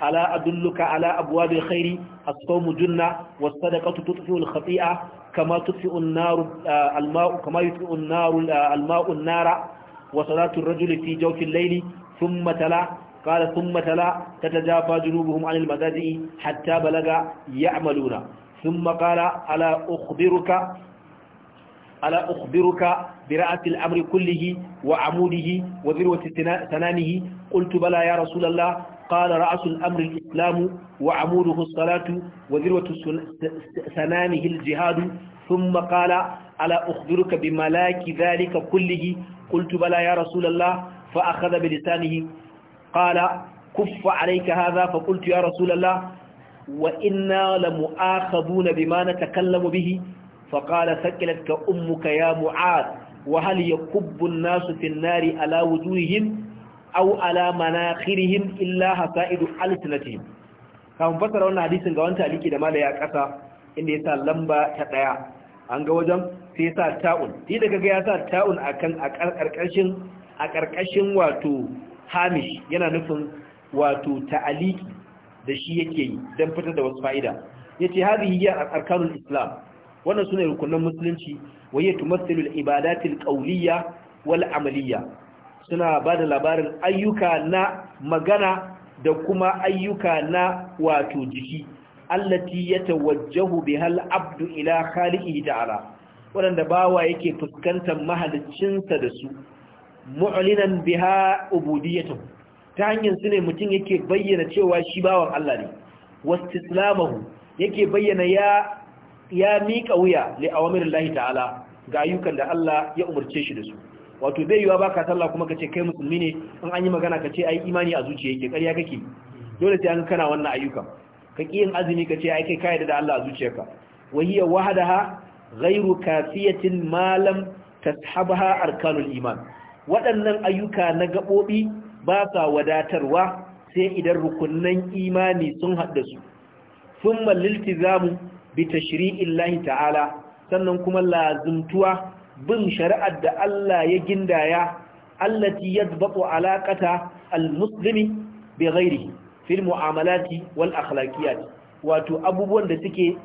Speaker 1: ala adulluka ala abwab al-khairi as-sawmu junna was-sadaqatu tutfi'u al-khati'a kama tutfi'u an-naru rajuli fi jawfi al-layli thumma tala قال ثم تلا تتجافى جنوبهم عن المضاجع حتى بلغ يعملون ثم قال ألا أخبرك ألا أخبرك برأة الأمر كله وعموده وذروة سنامه قلت بلى يا رسول الله قال رأس الأمر الإسلام وعموده الصلاة وذروة سنامه الجهاد ثم قال ألا أخبرك بملاك ذلك كله قلت بلى يا رسول الله فأخذ بلسانه qala kuffa alayka hadha fa qultu ya rasulullah wa inna lamu'akhaduna bima natakallamu bihi fa qala thaqilatka ummuka ya mu'ad wa hal yakubbu an-nasu fi an-nari ala wujuhihim aw ala manakhirihim illa hasaidu alsinatihim kan fasara wannan hadisin ga wani taliki da malaya kasa inda yasa lamba ta daya an ga wajen sai yasa ta'un shi daga ga yasa ta'un a karkashin wato hamish yana nufin wato ta'aliki da shi yake yi don fitar da wasu fa'ida ya ce haɗi yi arkanun islam wannan suna ne rukunan musulunci waye tumassilu ibadatil ƙauliya wal amaliya suna ba da labarin ayyuka na magana da kuma ayyuka na wato jiki allati ya tawajjahu bihal abdu ila khaliqihi ta'ala waɗanda bawa yake fuskantar mahaliccinsa da su mu'linan biha ubudiyyatuhu ta hanyar su ne mutum yake bayyana cewa shi bawan Allah ne wastislamahu yake bayyana ya ya mika wuya li awamirillahi ta'ala ga ayyukan da Allah ya umurce shi da su wato bai yiwa baka sallah kuma kace kai musulmi ne in an yi magana kace ai imani a zuciya yake ƙarya kake dole sai an kana wannan ayyuka ka kiyin azumi kace ai kai kai da Allah a zuciyarka wa hiya wahdaha ghairu kafiyatin ma lam tashabaha arkanul iman waɗannan ayyuka na gaɓoɓi ba sa wadatarwa sai idan rukunnan imani sun haɗa su sun mallilti zamu bi shiri'in lahi ta'ala sannan kuma lazimtuwa bin shari'ar da Allah ya gindaya allati al alaƙata almuslimi bi ghairihi fil mu'amalati wal akhlaqiyat wato abubuwan da suke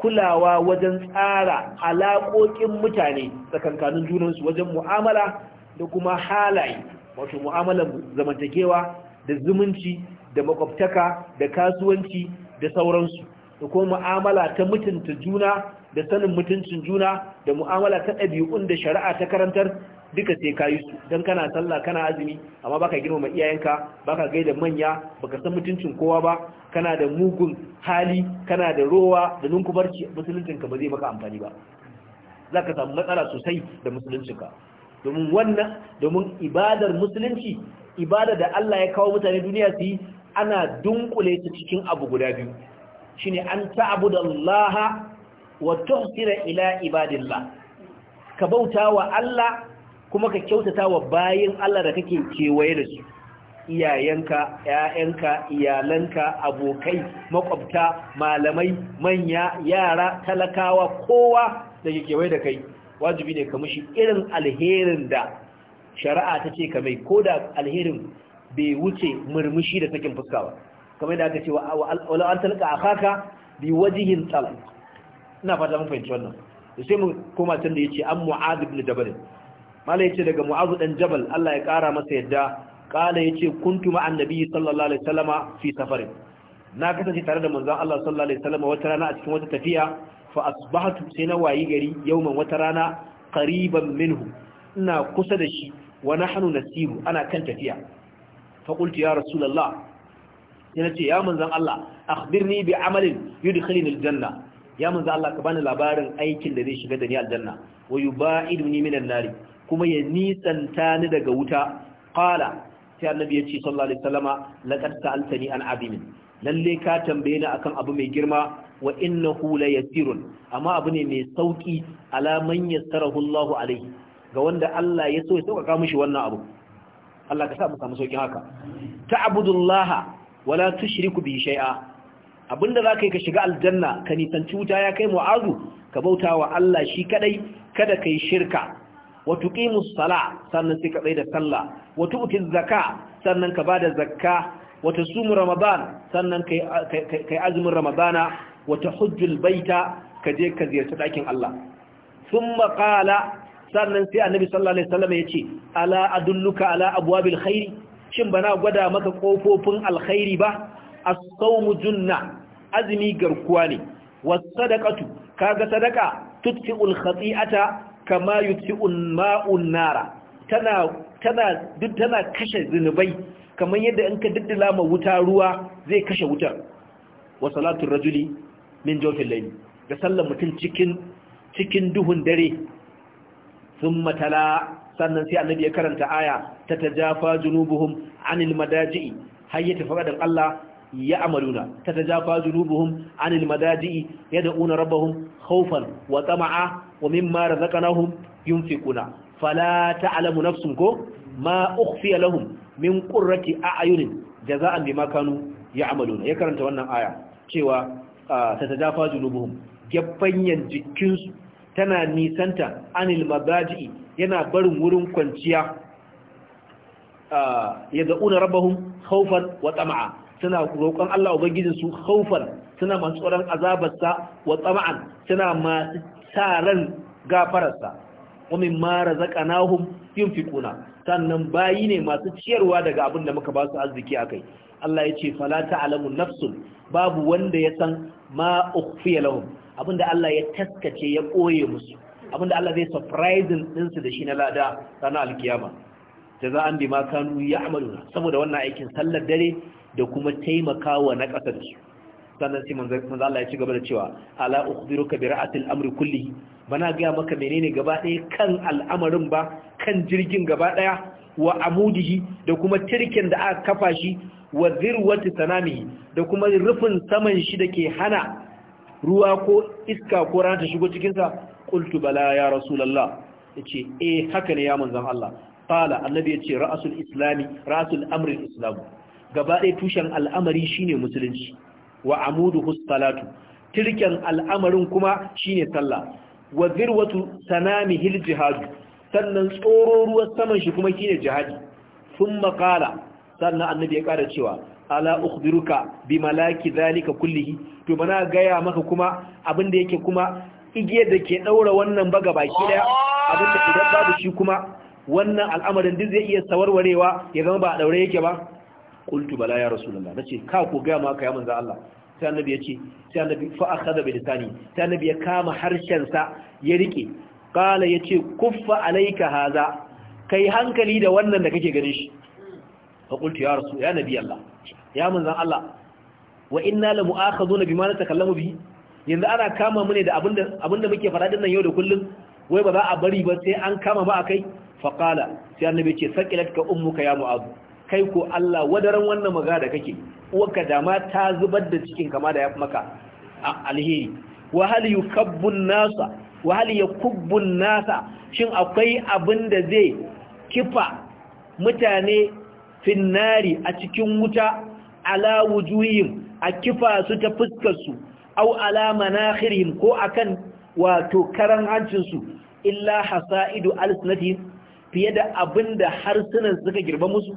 Speaker 1: kulawa wajen tsara alaƙoƙin mutane tsakankanin junansu wajen mu'amala da kuma halaye wato mu'amalar zamantakewa da zumunci da makwabtaka da kasuwanci da sauransu da kuma mu'amala ta mutunta juna da sanin mutuncin juna da mu'amala ta ɗabi'un da shari'a ta karantar duka sai kayi su don kana sallah kana azumi amma baka girmama iyayenka baka gaida manya baka san mutuncin kowa ba kana da mugun hali kana da rowa da nunkubarci musuluncinka ba zai maka amfani ba za ka samu matsala sosai da musuluncinka domin wannan domin ibadar musulunci ibada da Allah ya kawo mutane duniya su yi ana dunkule ta cikin abu guda biyu shine an ta'budallaha wa tuhsira ila ibadillah ka bauta wa Allah kuma ka kyautata wa bayin Allah da kake kewaye da su iyayenka ƴaƴanka iyalanka abokai makwabta malamai manya yara talakawa kowa da ke kewaye da kai wajibi ne ka mishi irin alherin da shari'a ta ce ka mai ko da alherin bai wuce murmushi da sakin fuska ba kamar da aka ce wa wala an talqa akhaka bi wajhin talq ina fata mun fahimci wannan sai mu koma tun da yace an mu'adh ibn jabal mala yace daga mu'adh dan jabal Allah ya kara masa yadda kala yace kuntu ma annabi sallallahu alaihi wasallama fi safarin na kasance tare da manzon Allah sallallahu alaihi wasallama wata rana a cikin wata tafiya fa asbahtu sai na wayi gari yawman wata rana qariban minhu ina kusa da shi wa nahnu nasiru ana kan tafiya fa qultu ya rasulullah sai nace ya manzon Allah akhbirni bi amalin yudkhilni aljanna ya manzon Allah ka bani labarin aikin da zai shiga da ni aljanna wa yubaiduni minan nari kuma ya nisanta ni daga wuta qala sai annabi ya ce sallallahu alaihi wasallama laqad sa'altani an abimin lalle ka tambaye ni akan abu mai girma wa innahu la yasirun amma abu ne mai sauƙi ala man yassarahu Allahu alaihi ga wanda Allah ya so ya sauƙaƙa mishi wannan abu Allah ka sa mu samu sauƙin haka abudullaha wala tushriku bihi shay'a abinda zaka yi ka shiga aljanna ka nisanci wuta ya kai mu'azu ka bautawa Allah shi kadai kada kai shirka wa tuqimus sala sannan sai ka tsaya da sallah wa tu'tiz zaka sannan ka bada zakka wata sumu ramadan sannan kai azumin ramadana wata hujjul baita ka je ka ziyarci ɗakin Allah sun makala sannan sai annabi sallallahu alaihi wasallam ya ce ala adulluka ala abwabil khairi shin bana gwada maka kofofin alkhairi ba as-sawmu junna azmi garkuwa ne was-sadaqatu kaga sadaka tutfi'ul khati'ata kama yutfi'un ma'un nara tana tana duk tana kashe zinubai kamar yadda in ka diddila ma wuta ruwa zai kashe wutar wa salatul rajuli min jawfil layl da sallar mutum cikin cikin duhun dare thumma tala sannan sai annabi ya karanta aya ta tajafa junubuhum anil madaji hayyata faqadan Allah ya amaluna ta junubuhum anil madaji yad'una rabbahum khawfan wa tama'a wa mimma razaqnahum yunfiquna fala ta'lamu nafsun ko ma ukhfiya lahum min qurrati a'yunin jaza'an bima kanu ya'maluna ya karanta wannan aya cewa ah, tatajafa junubuhum gabbanyan jikinsu tana nisanta anil mabaji yana barin wurin kwanciya ah, ya una rabbahum haufan wa tsama'a suna roƙon Allah ubangijin su haufan, suna masu tsoron azabarsa wa tsama'a, suna masu taran gafararsa wa mimma razaqnahum yunfiquna sannan bayi ne masu ciyarwa daga abin da muka ba su arziki akai Allah ya ce fala ta'lamu nafsun babu wanda ya san ma ukhfiya lahum abinda Allah ya taskace ya koye musu abinda Allah zai surprising ɗinsu da shi na lada ranar alkiyama jaza'an bima kanu na. saboda wannan aikin sallar dare da kuma taimakawa na ƙasar su sannan sai manzo Allah ya ci gaba da cewa ala ukhbiruka bi ra'atil amri kulli. bana gaya maka menene gaba ɗaya kan al'amarin ba kan jirgin gaba ɗaya wa amudihi da kuma tirkin da aka kafa shi wa zirwati sanamihi da kuma rufin saman shi da ke hana ruwa ko iska ko rana ta shigo cikinsa ƙultu bala ya rasulallah ya ce eh haka ne ya manzan Allah fala annabi ya ce ra'asul islami ra'asul amrin islamu gaba ɗaya tushen al'amari shine musulunci wa amuduhu salatu tirken al'amarin kuma shine sallah wa zirwatu sanamihil jihadu sannan tsoro ruwan saman shi kuma shine jihadi sun makala sannan annabi ya ƙara cewa ala ukhbiruka bi malaki zalika kullihi to bana gaya maka kuma abin da yake kuma igiyar da ke daura wannan baga baki daya abin da idan babu shi kuma wannan al'amarin duk zai iya sawarwarewa ya zama ba a daure yake ba qultu bala ya rasulullah nace ka ko gaya maka ya manzo Allah sai annabi ya ce sai annabi fa akhadha bi lisani sai annabi ya kama harshen sa ya rike qala yace kuffa alayka haza kai hankali da wannan da kake ganin shi fa qultu ya rasul ya nabi Allah ya manzon Allah wa inna la mu'akhaduna bima natakallamu bihi yanzu ana kama mu ne da abinda abinda muke fara din nan yau da kullum wai ba za a bari ba sai an kama ba akai fa qala sai annabi ce saqilatka ummuka ya mu'adh kai ko Allah wadaran wannan magana da kake uwarka dama ta zubar da cikin kama da ya maka alheri wa hal yukabbun nasa wa hal nasa shin akwai abin da zai kifa mutane finnari a cikin wuta ala wujuhim a kifa su ta fuskar su au ala manakhirihim ko akan wato karan hancin su illa hasaidu alsinatihim fiye da abinda harsunan suka girba musu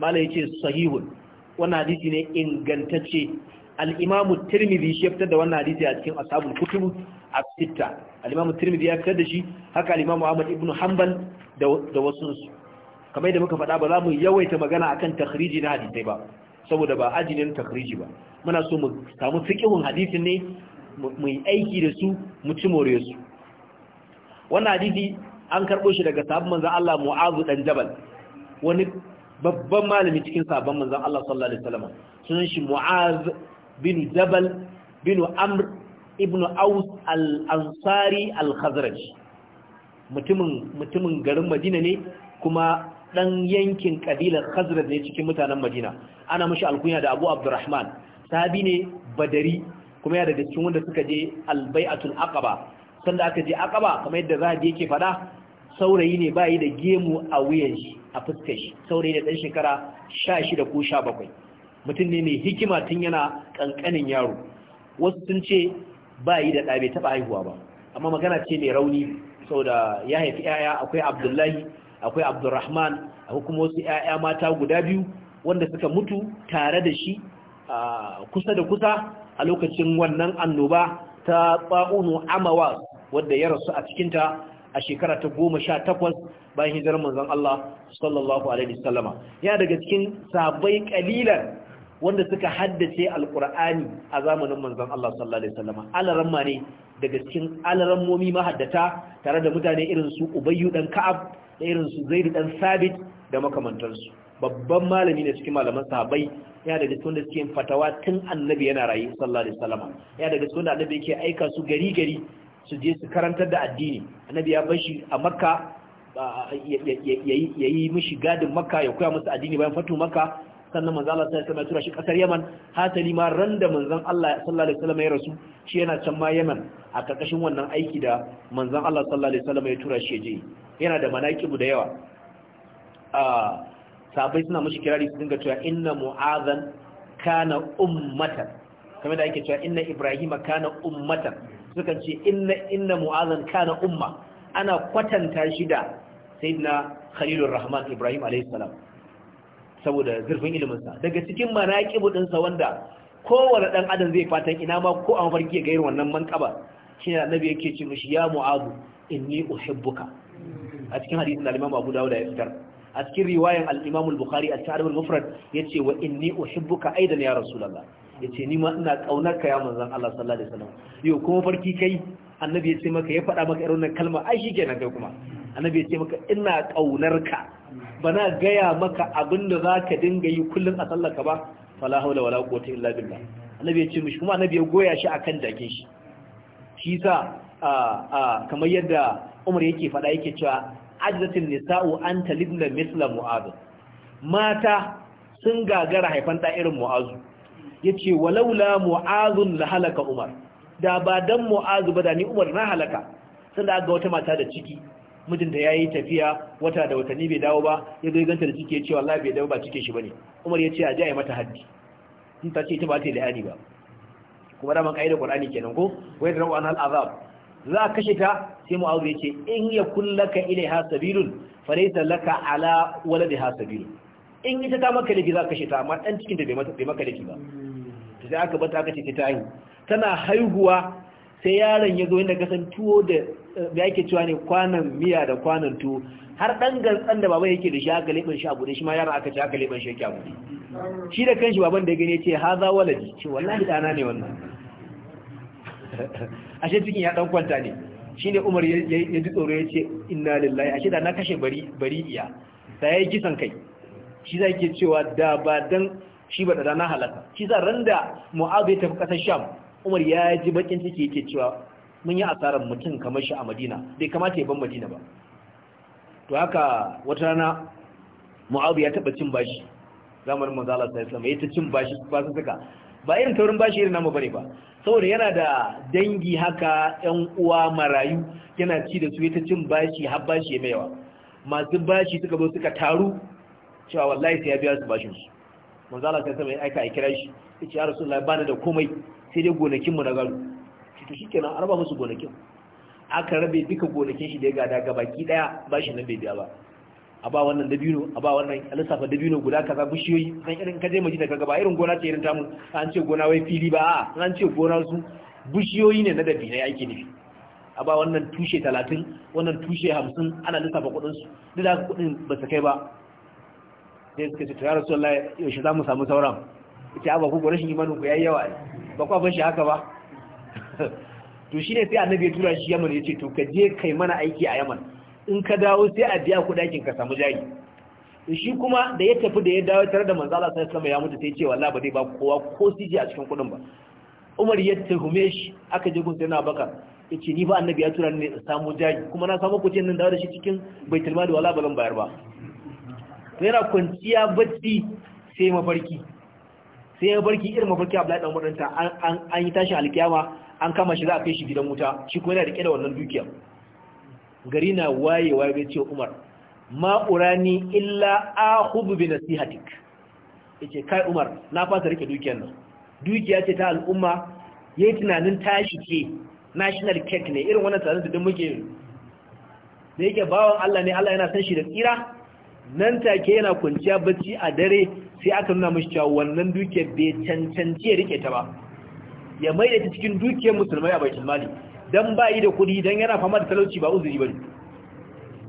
Speaker 1: ya yace sahihun wannan hadisi ne ingantacce al-imamu tirmidhi shi fitar da wannan hadisi a cikin ashabul kutub a sita al tirmidhi ya fitar da shi haka al ahmad ibn hanbal da wasu kamar da muka faɗa ba za mu yawaita magana akan takhriji na hadisai ba saboda ba ajinin takhriji ba muna so mu samu fiqhun hadisin ne mu yi aiki da su mu ci more su wannan hadisi an karɓo shi daga sahabban manzon Allah Mu'adh dan Jabal wani babban malami cikin sabon manzon Allah sallallahu alaihi wasallam sunan shi Mu'az bin Jabal bin Amr ibn Aus al-Ansari al-Khazraj mutumin mutumin garin Madina ne kuma dan yankin kabilar Khazraj ne cikin mutanen Madina ana mashi alkunya da Abu Abdurrahman sahabi ne badari kuma ya daga cikin wanda suka je al-Bai'atul Aqaba sanda aka je Aqaba kamar yadda Zahabi yake fada saurayi ne ba yi da gemu a wuyan shi a fuskar shi saurayi da ɗan shekara sha shida ko sha bakwai mutum ne mai hikima tun yana ƙanƙanin yaro wasu sun ce ba yi da ɗa bai taɓa haihuwa ba amma magana ce mai rauni saboda ya haifi 'ya'ya akwai abdullahi akwai Abdulrahman akwai kuma wasu 'ya'ya mata guda biyu wanda suka mutu tare da shi kusa da kusa a lokacin wannan annoba ta ba'unu amawa wadda ya rasu a cikinta a shekara ta goma sha takwas bayan hijirar manzon Allah sallallahu alaihi wasallama yana daga cikin sabai kalilan wanda suka haddace alkur'ani a zamanin manzon Allah sallallahu alaihi wasallama alaramma ne daga cikin alarammomi mahaddata tare da mutane irin su Ubayyu dan Ka'ab da irin su zaidu dan Sabit da makamantarsu babban malami ne cikin malaman sahabbai ya daga cikin da suke fatawa tun annabi yana rayu sallallahu alaihi wasallama ya daga cikin da annabi yake aika su gari gari su je su karantar da addini annabi ya bar shi a makka ya yi mishi gadin makka ya koya musu addini bayan fatu makka sannan manzo Allah sai alaihi wasallam ya tura shi kasar Yaman hatali ma ran da manzon Allah sallallahu alaihi wasallam ya rasu shi yana can ma Yaman a karkashin wannan aiki da manzon Allah sallallahu alaihi wasallam ya tura shi ya je yana da manaqibu da yawa a sabai suna mishi kirari su dinga cewa inna mu'azan kana ummatan kamar da ake cewa inna ibrahima kana ummatan sukan ce inna inna mu'azan kana umma ana kwatanta shi da sayyidina khalilur rahman ibrahim alayhi salam saboda zurfin ilimin sa daga cikin manaqibu din sa wanda kowanne dan adam zai fatan ina ma ko an farki ga irin wannan manqaba shine annabi yake ce mishi ya mu'azu inni uhibbuka a cikin hadisin da Imam Abu Dawud ya fitar a cikin riwayan al-Imam al-Bukhari al-Ta'arib al-Mufrad yace wa inni uhibbuka aidan ya Rasulullah ya ce ni ma ina kaunar ka ya manzan Allah sallallahu alaihi wasallam yau kuma farki kai annabi ya ce maka ya faɗa maka irin kalma ai shi kenan kai kuma annabi ya ce maka ina ƙaunar ka bana gaya maka abin da za ka dinga yi kullum a sallar ka ba fala haula wala quwwata illa billah annabi ya ce mishi kuma annabi ya goya shi akan jakin shi shi sa a a kamar yadda Umar yake faɗa yake cewa ajzatin nisa'u an talibna misla mu'adh mata sun gagara haifan da irin mu'azu yace walaula mu'azun la halaka umar da ba dan mu'azu ba da ni umar na halaka sanda ga wata mata da ciki mijinta yayi tafiya wata da watanni bai dawo ba ya zo ganta da ciki yace wallahi bai dawo ba cikin shi bane umar yace a ji mata haddi in ta ce ita ba ta da la'ani ba kuma da man da qur'ani kenan ko wai da rawan al azab za ka kashe ta sai mu'azu yace in ya laka ilaiha sabilun falaysa laka ala waladiha sabilun in ita ta maka laifi za ka kashe ta amma dan cikin da bai maka laifi ba sai aka bata aka ce ta yi tana haihuwa sai yaron ya zo inda kasan tuwo da ya ke cewa ne kwanan miya da kwanan tuwo har ɗan gantsan da baban yake da shi aka leɓin shi a buɗe, shi ma yaron aka ce aka leɓin shi yake abu shi da kanshi baban da ya gani ya ce haza waladi ce wallahi ɗana ne wannan ashe cikin ya ɗan kwanta ne ne Umar ya ji tsoro ya ce inna lillahi ashe da na kashe bari iya da yi kisan kai shi zai ke cewa da ba dan shi ba da na halaka shi sa da Mu'adu ya tafi kasar sham umar ya ji bakin ciki yake cewa mun yi asarar mutum kamar shi a madina bai kamata ya ban madina ba to haka wata rana Mu'adu ya taba cin bashi zamanin manzo Allah sallallahu alaihi wasallam ya cin bashi ba su saka ba irin taurin bashi irin namu bane ba saboda yana da dangi haka yan uwa marayu yana ci da su ya ta cin bashi har bashi ya mai yawa masu bashi suka zo suka taru cewa wallahi sai ya biya su bashin su manzo Allah sai ya aika a kira shi yace ya rasulullahi bani da komai sai dai gonakin mu na gado to shikenan an raba musu gonakin aka rabe duka gonakin shi da ya gada baki daya ba shi nan bai biya ba a ba wannan dabino a ba wannan lissafa dabino guda kaza bishiyoyi san irin kaje maji da kaga ba irin gona ce irin tamu an ce gona wai fili ba a an ce gona su bishiyoyi ne na dabinai ake nufi a ba wannan tushe talatin wannan tushe hamsin ana lissafa kuɗin su duk da kuɗin ba su kai ba sai suka ce to ya rasulullah yaushe za mu samu sauran ita aba ku rashin imanin ku yi yawa ne? ba kuwa abin shi haka ba to shi ne sai annabi ya tura shi Yaman ya ce to ka je kai mana aiki a Yaman in ka dawo sai a biya kudakin ka samu jari shi kuma da ya tafi da ya dawo tare da manzo Allah sallallahu alaihi ya mutu sai ce wallahi ba zai ba kowa ko siji a cikin kudin ba Umar ya tuhume shi aka je gun sai na baka yace ni ba annabi ya tura ni samu jari kuma na samu kuce nan dawo da shi cikin baitul mali ba zan bayar ba yana kwanciya bacci sai mafarki sai ya irin mafarki abu laɗin waɗanta an yi tashi alkiyama an kama shi za a kai shi gidan wuta shi kuma yana rike da wannan dukiya gari na waye waye bai ce Umar ma urani illa a hubu bi Ya ce kai Umar na fasa rike dukiyar nan dukiya ce ta al'umma ya yi tunanin tashi ke national cake ne irin wannan tsarin da muke da yake bawon Allah ne Allah yana san shi da tsira nan take yana kwanciya bacci a dare sai aka nuna mashi cewa wannan dukiyar bai cancanci ya rike ta ba ya mai da cikin dukiyar musulmai a baitul mali dan ba yi da kuɗi dan yana fama da talauci ba uzuri bane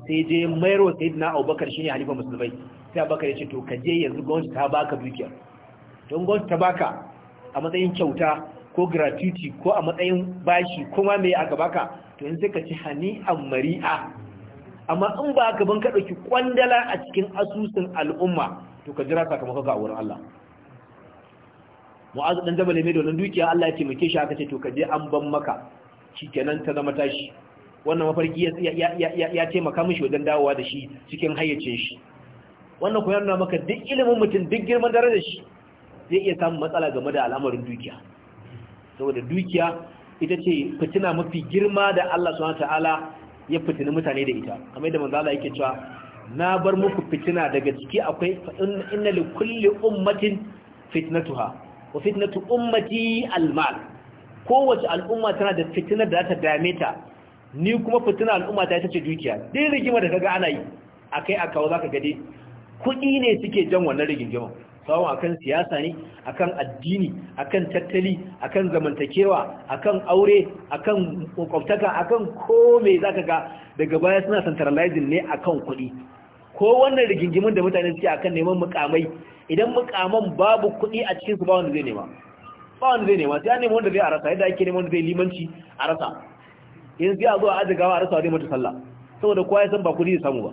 Speaker 1: sai je mairo a abubakar shine halifa musulmai sai abubakar ya ce to ka je yanzu gwamnati ta baka dukiyar don gwamnati ta baka a matsayin kyauta ko gratuity ko a matsayin bashi kuma me aka baka to yanzu sai ka ci hani an mari'a amma in ba ka ban ka ɗauki kwandala a cikin asusun al'umma to ka jira sakamakon ga wurin Allah mu'azu dan jabal mai dolan dukiya Allah ya taimake shi aka ce to ka je an ban maka kenan ta zama tashi wannan mafarki ya taimaka mishi wajen dawowa da shi cikin hayyace shi wannan koyar na maka duk ilimin mutum duk girman dare da shi zai iya samun matsala game da al'amarin dukiya saboda dukiya ita ce fitina mafi girma da Allah subhanahu ta'ala ya fitini mutane da ita kamar da manzo Allah yake cewa na bar muku fitina daga ciki akwai inna li kulli ummatin fitnatuha wa fitnatu ummati almal kowace al'umma tana da fitinar da za ta dame ta ni kuma fitina al'umma ta ita ce dukiya dai rigima da kaga ana yi akai wa zaka gade kuɗi ne suke jan wannan rigima sawon akan siyasa ne akan addini akan tattali akan zamantakewa akan aure akan kwakwabtaka akan kome za ka ga daga baya suna centralizing ne akan kuɗi ko wannan rigingimin da mutane suke akan neman mukamai idan mukaman babu kuɗi a cikinsu ba wanda zai nema ba wanda zai nema sai an nema wanda zai a rasa yadda ake nema wanda zai limanci a rasa yanzu ya zo a ajigawa a rasa zai mata sallah saboda kowa ya san ba kuɗi ya samu ba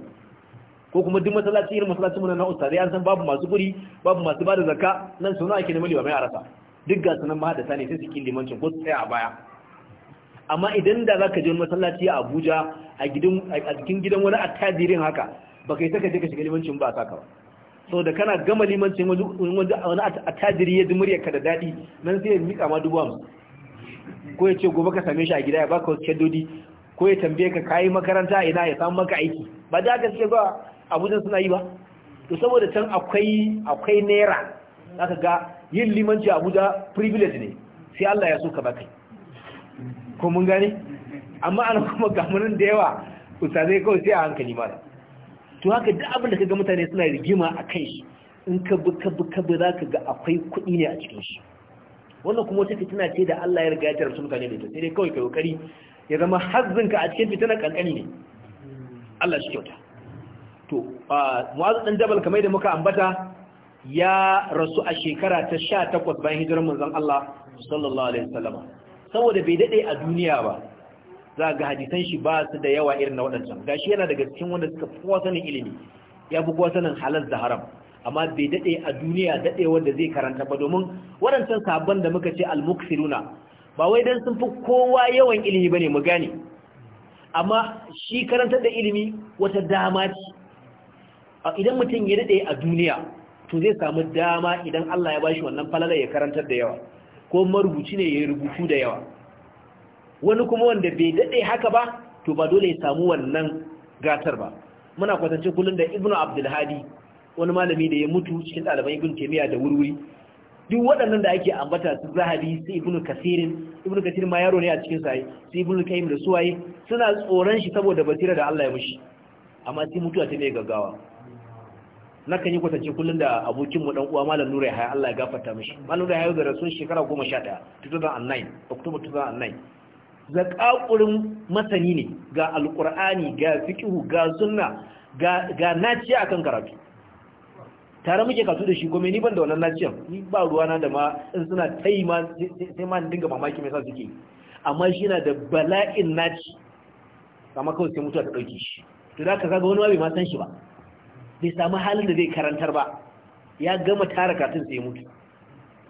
Speaker 1: ko kuma duk masallaci irin masallacin mu na ustadai an san babu masu guri babu masu bada zakka nan sunan ake nemi limamai mai arasa. duk ga sunan mahadasa ne sai su ki limancin ko su tsaya a baya amma idan da zaka je masallaci a Abuja a gidan a cikin gidan wani attajirin haka ba kai saka je ka shiga limancin ba saka ba so da kana gama limancin wani attajiri ya ji muryarka da daɗi nan sai ya mika ma dubu ko ya ce gobe ka same shi a gida ya baka wasu shaddodi ko ya tambaye ka kayi makaranta ina ya samu maka aiki ba da haka suke zuwa abujan suna yi ba to saboda can akwai akwai naira zaka ga yin limanci abuja privilege ne sai Allah ya so ka baka ko mun gane amma an kuma gamunin da yawa ustazai kawai sai a hankali mala to haka duk abin da kaga mutane suna rigima a kai shi in ka bi ka bi ka bi zaka ga akwai kuɗi ne a cikin shi wannan kuma wata fitina ce da Allah ya riga ya tarsu mutane da ita sai dai kawai ka kokari ya zama hazzinka a cikin fitinar kankani ne Allah shi kyauta to mu'azu dan jabal kamar da muka ambata ya rasu a shekara ta sha 18 bayan hijirar manzon Allah sallallahu alaihi wasallam saboda bai daɗe a duniya ba za ga hadisan shi ba su da yawa irin na waɗancan gashi yana daga cikin wanda suka fi sanin ilimi ya fi sanin halal da haram amma bai daɗe a duniya dade wanda zai karanta ba domin waɗancan sabon da muka ce al-muksiruna ba wai dan sun fi kowa yawan ilimi ba ne mu gane amma shi karantar da ilimi wata dama ce idan mutum ya daɗe a duniya to zai samu dama idan Allah ya bashi wannan falalar ya karantar da yawa ko marubuci ne ya rubutu da yawa wani kuma wanda bai daɗe haka ba to ba dole ya samu wannan gatar ba muna kwatance kullum da ibnu abdulhadi wani malami da ya mutu cikin ɗaliban ibn taimiyya da wuri duk waɗannan da ake ambata su zahabi su ibnu kasirin ibnu kasirin ma yaro ne a cikin sai su ibnu kayyim da suwaye suna tsoron shi saboda basira da Allah ya mushi amma sai mutuwa ta mai gaggawa na kan yi kwatance kullum da abokinmu dan uwa malam nura ya Allah ya gafarta mishi malam nura ya da rasul shekara 11 2009 october 2009 zakakurin masani ne ga alqur'ani ga fiqhu ga sunna ga ga naciya akan karatu tare muke kasu da shi kuma ni ban da wannan naciyan ni ba ruwa na da ma in suna taima sai ma dinga mamaki me yasa suke amma shi na da bala'in naci amma kawai sai mutuwa ta dauke shi to da ka ga wani ma bai ma san shi ba bai samu halin da zai karantar ba ya gama tara katin sai mutu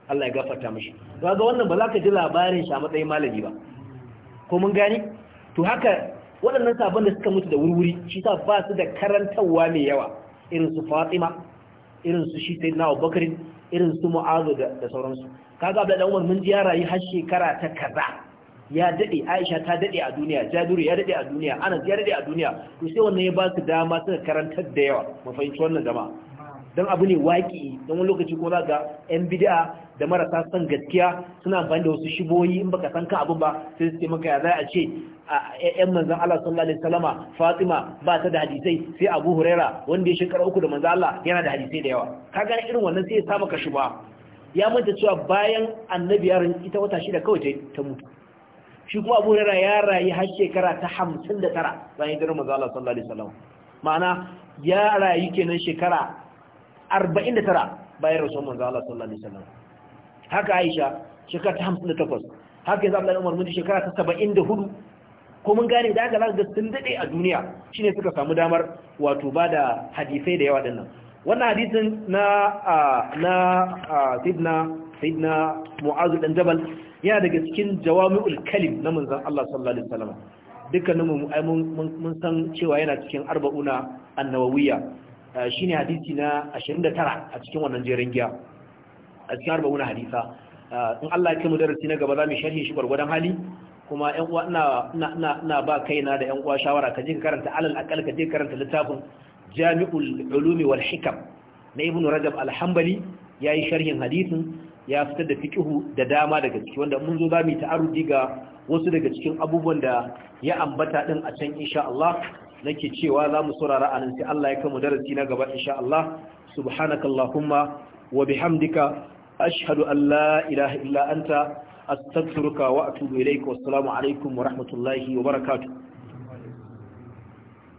Speaker 1: Allah ya gafarta mishi to ga wannan ba za ka ji labarin shi a matsayin malami ba ko mun gani to haka waɗannan sabon da suka mutu da wurwuri shi sa ba su da karantarwa mai yawa irin su Fatima irin su shi sai na Abubakar irin su Mu'azu da sauransu kaga Abdullahi Umar mun ji ya rayu har shekara ta kaza ya daɗe Aisha ta daɗe a duniya jaduri ya dade a duniya Anas ya dade a duniya to sai wannan ya ba su dama suka karantar da yawa mu fahimci wannan jama'a dan abu ne waki dan wani lokaci ko za ga yan bidi'a da marasa san gaskiya suna amfani da wasu shiboyi in baka san ka abin ba sai su ce maka ya za a ce yan manzan Allah sallallahu alaihi wasallama Fatima ba ta da hadisai sai Abu Huraira wanda ya shekara uku da manzan Allah yana da hadisai da yawa kaga irin wannan sai ya sa maka shuba ya manta cewa bayan annabi yaron ita wata shida kawai ta mutu shi kuma abu hurairah ya rayu har shekara ta hamsin da tara bayan hijirar manzo Allah sallallahu alaihi wasallam ma'ana ya rayu kenan shekara arba'in da tara bayan rasu manzo Allah sallallahu alaihi wasallam haka Aisha shekara ta hamsin da takwas haka yanzu Abdullahi Umar mutu shekara ta saba'in da hudu ko mun gane da aka zaka sun dade a duniya shine suka samu damar wato ba da hadisai da yawa nan wannan hadisin na na sidna sidna mu'azu bin Jabal yana daga cikin jawami'ul kalim na manzon Allah sallallahu alaihi wasallam dukkanin mu mun san cewa yana cikin arba'una annawawiya ah, shine hadisi na 29 a cikin wannan jerin giya a cikin arba'una hadisa ah, in Allah ya kai mu darasi na gaba za mu sharhi shi gwargwadon hali kuma yan uwa ina ina ba kaina da yan uwa shawara ka je ka karanta alal aqal ka je karanta littafin Jami'ul Ulumi wal Hikam na ibnu Rajab Al-Hanbali yayi sharhin hadisin ya fitar da fiƙihu da dama daga ciki wanda mun zo za mu yi ta'arudi ga wasu daga cikin abubuwan da ya ambata din a can insha Allah nake cewa za mu saurara anan sai Allah ya kama darasi na gaba insha Allah subhanakallahumma wa bihamdika ashhadu an la ilaha illa anta astaghfiruka wa atubu ilaik wassalamu alaikum wa rahmatullahi wa barakatuh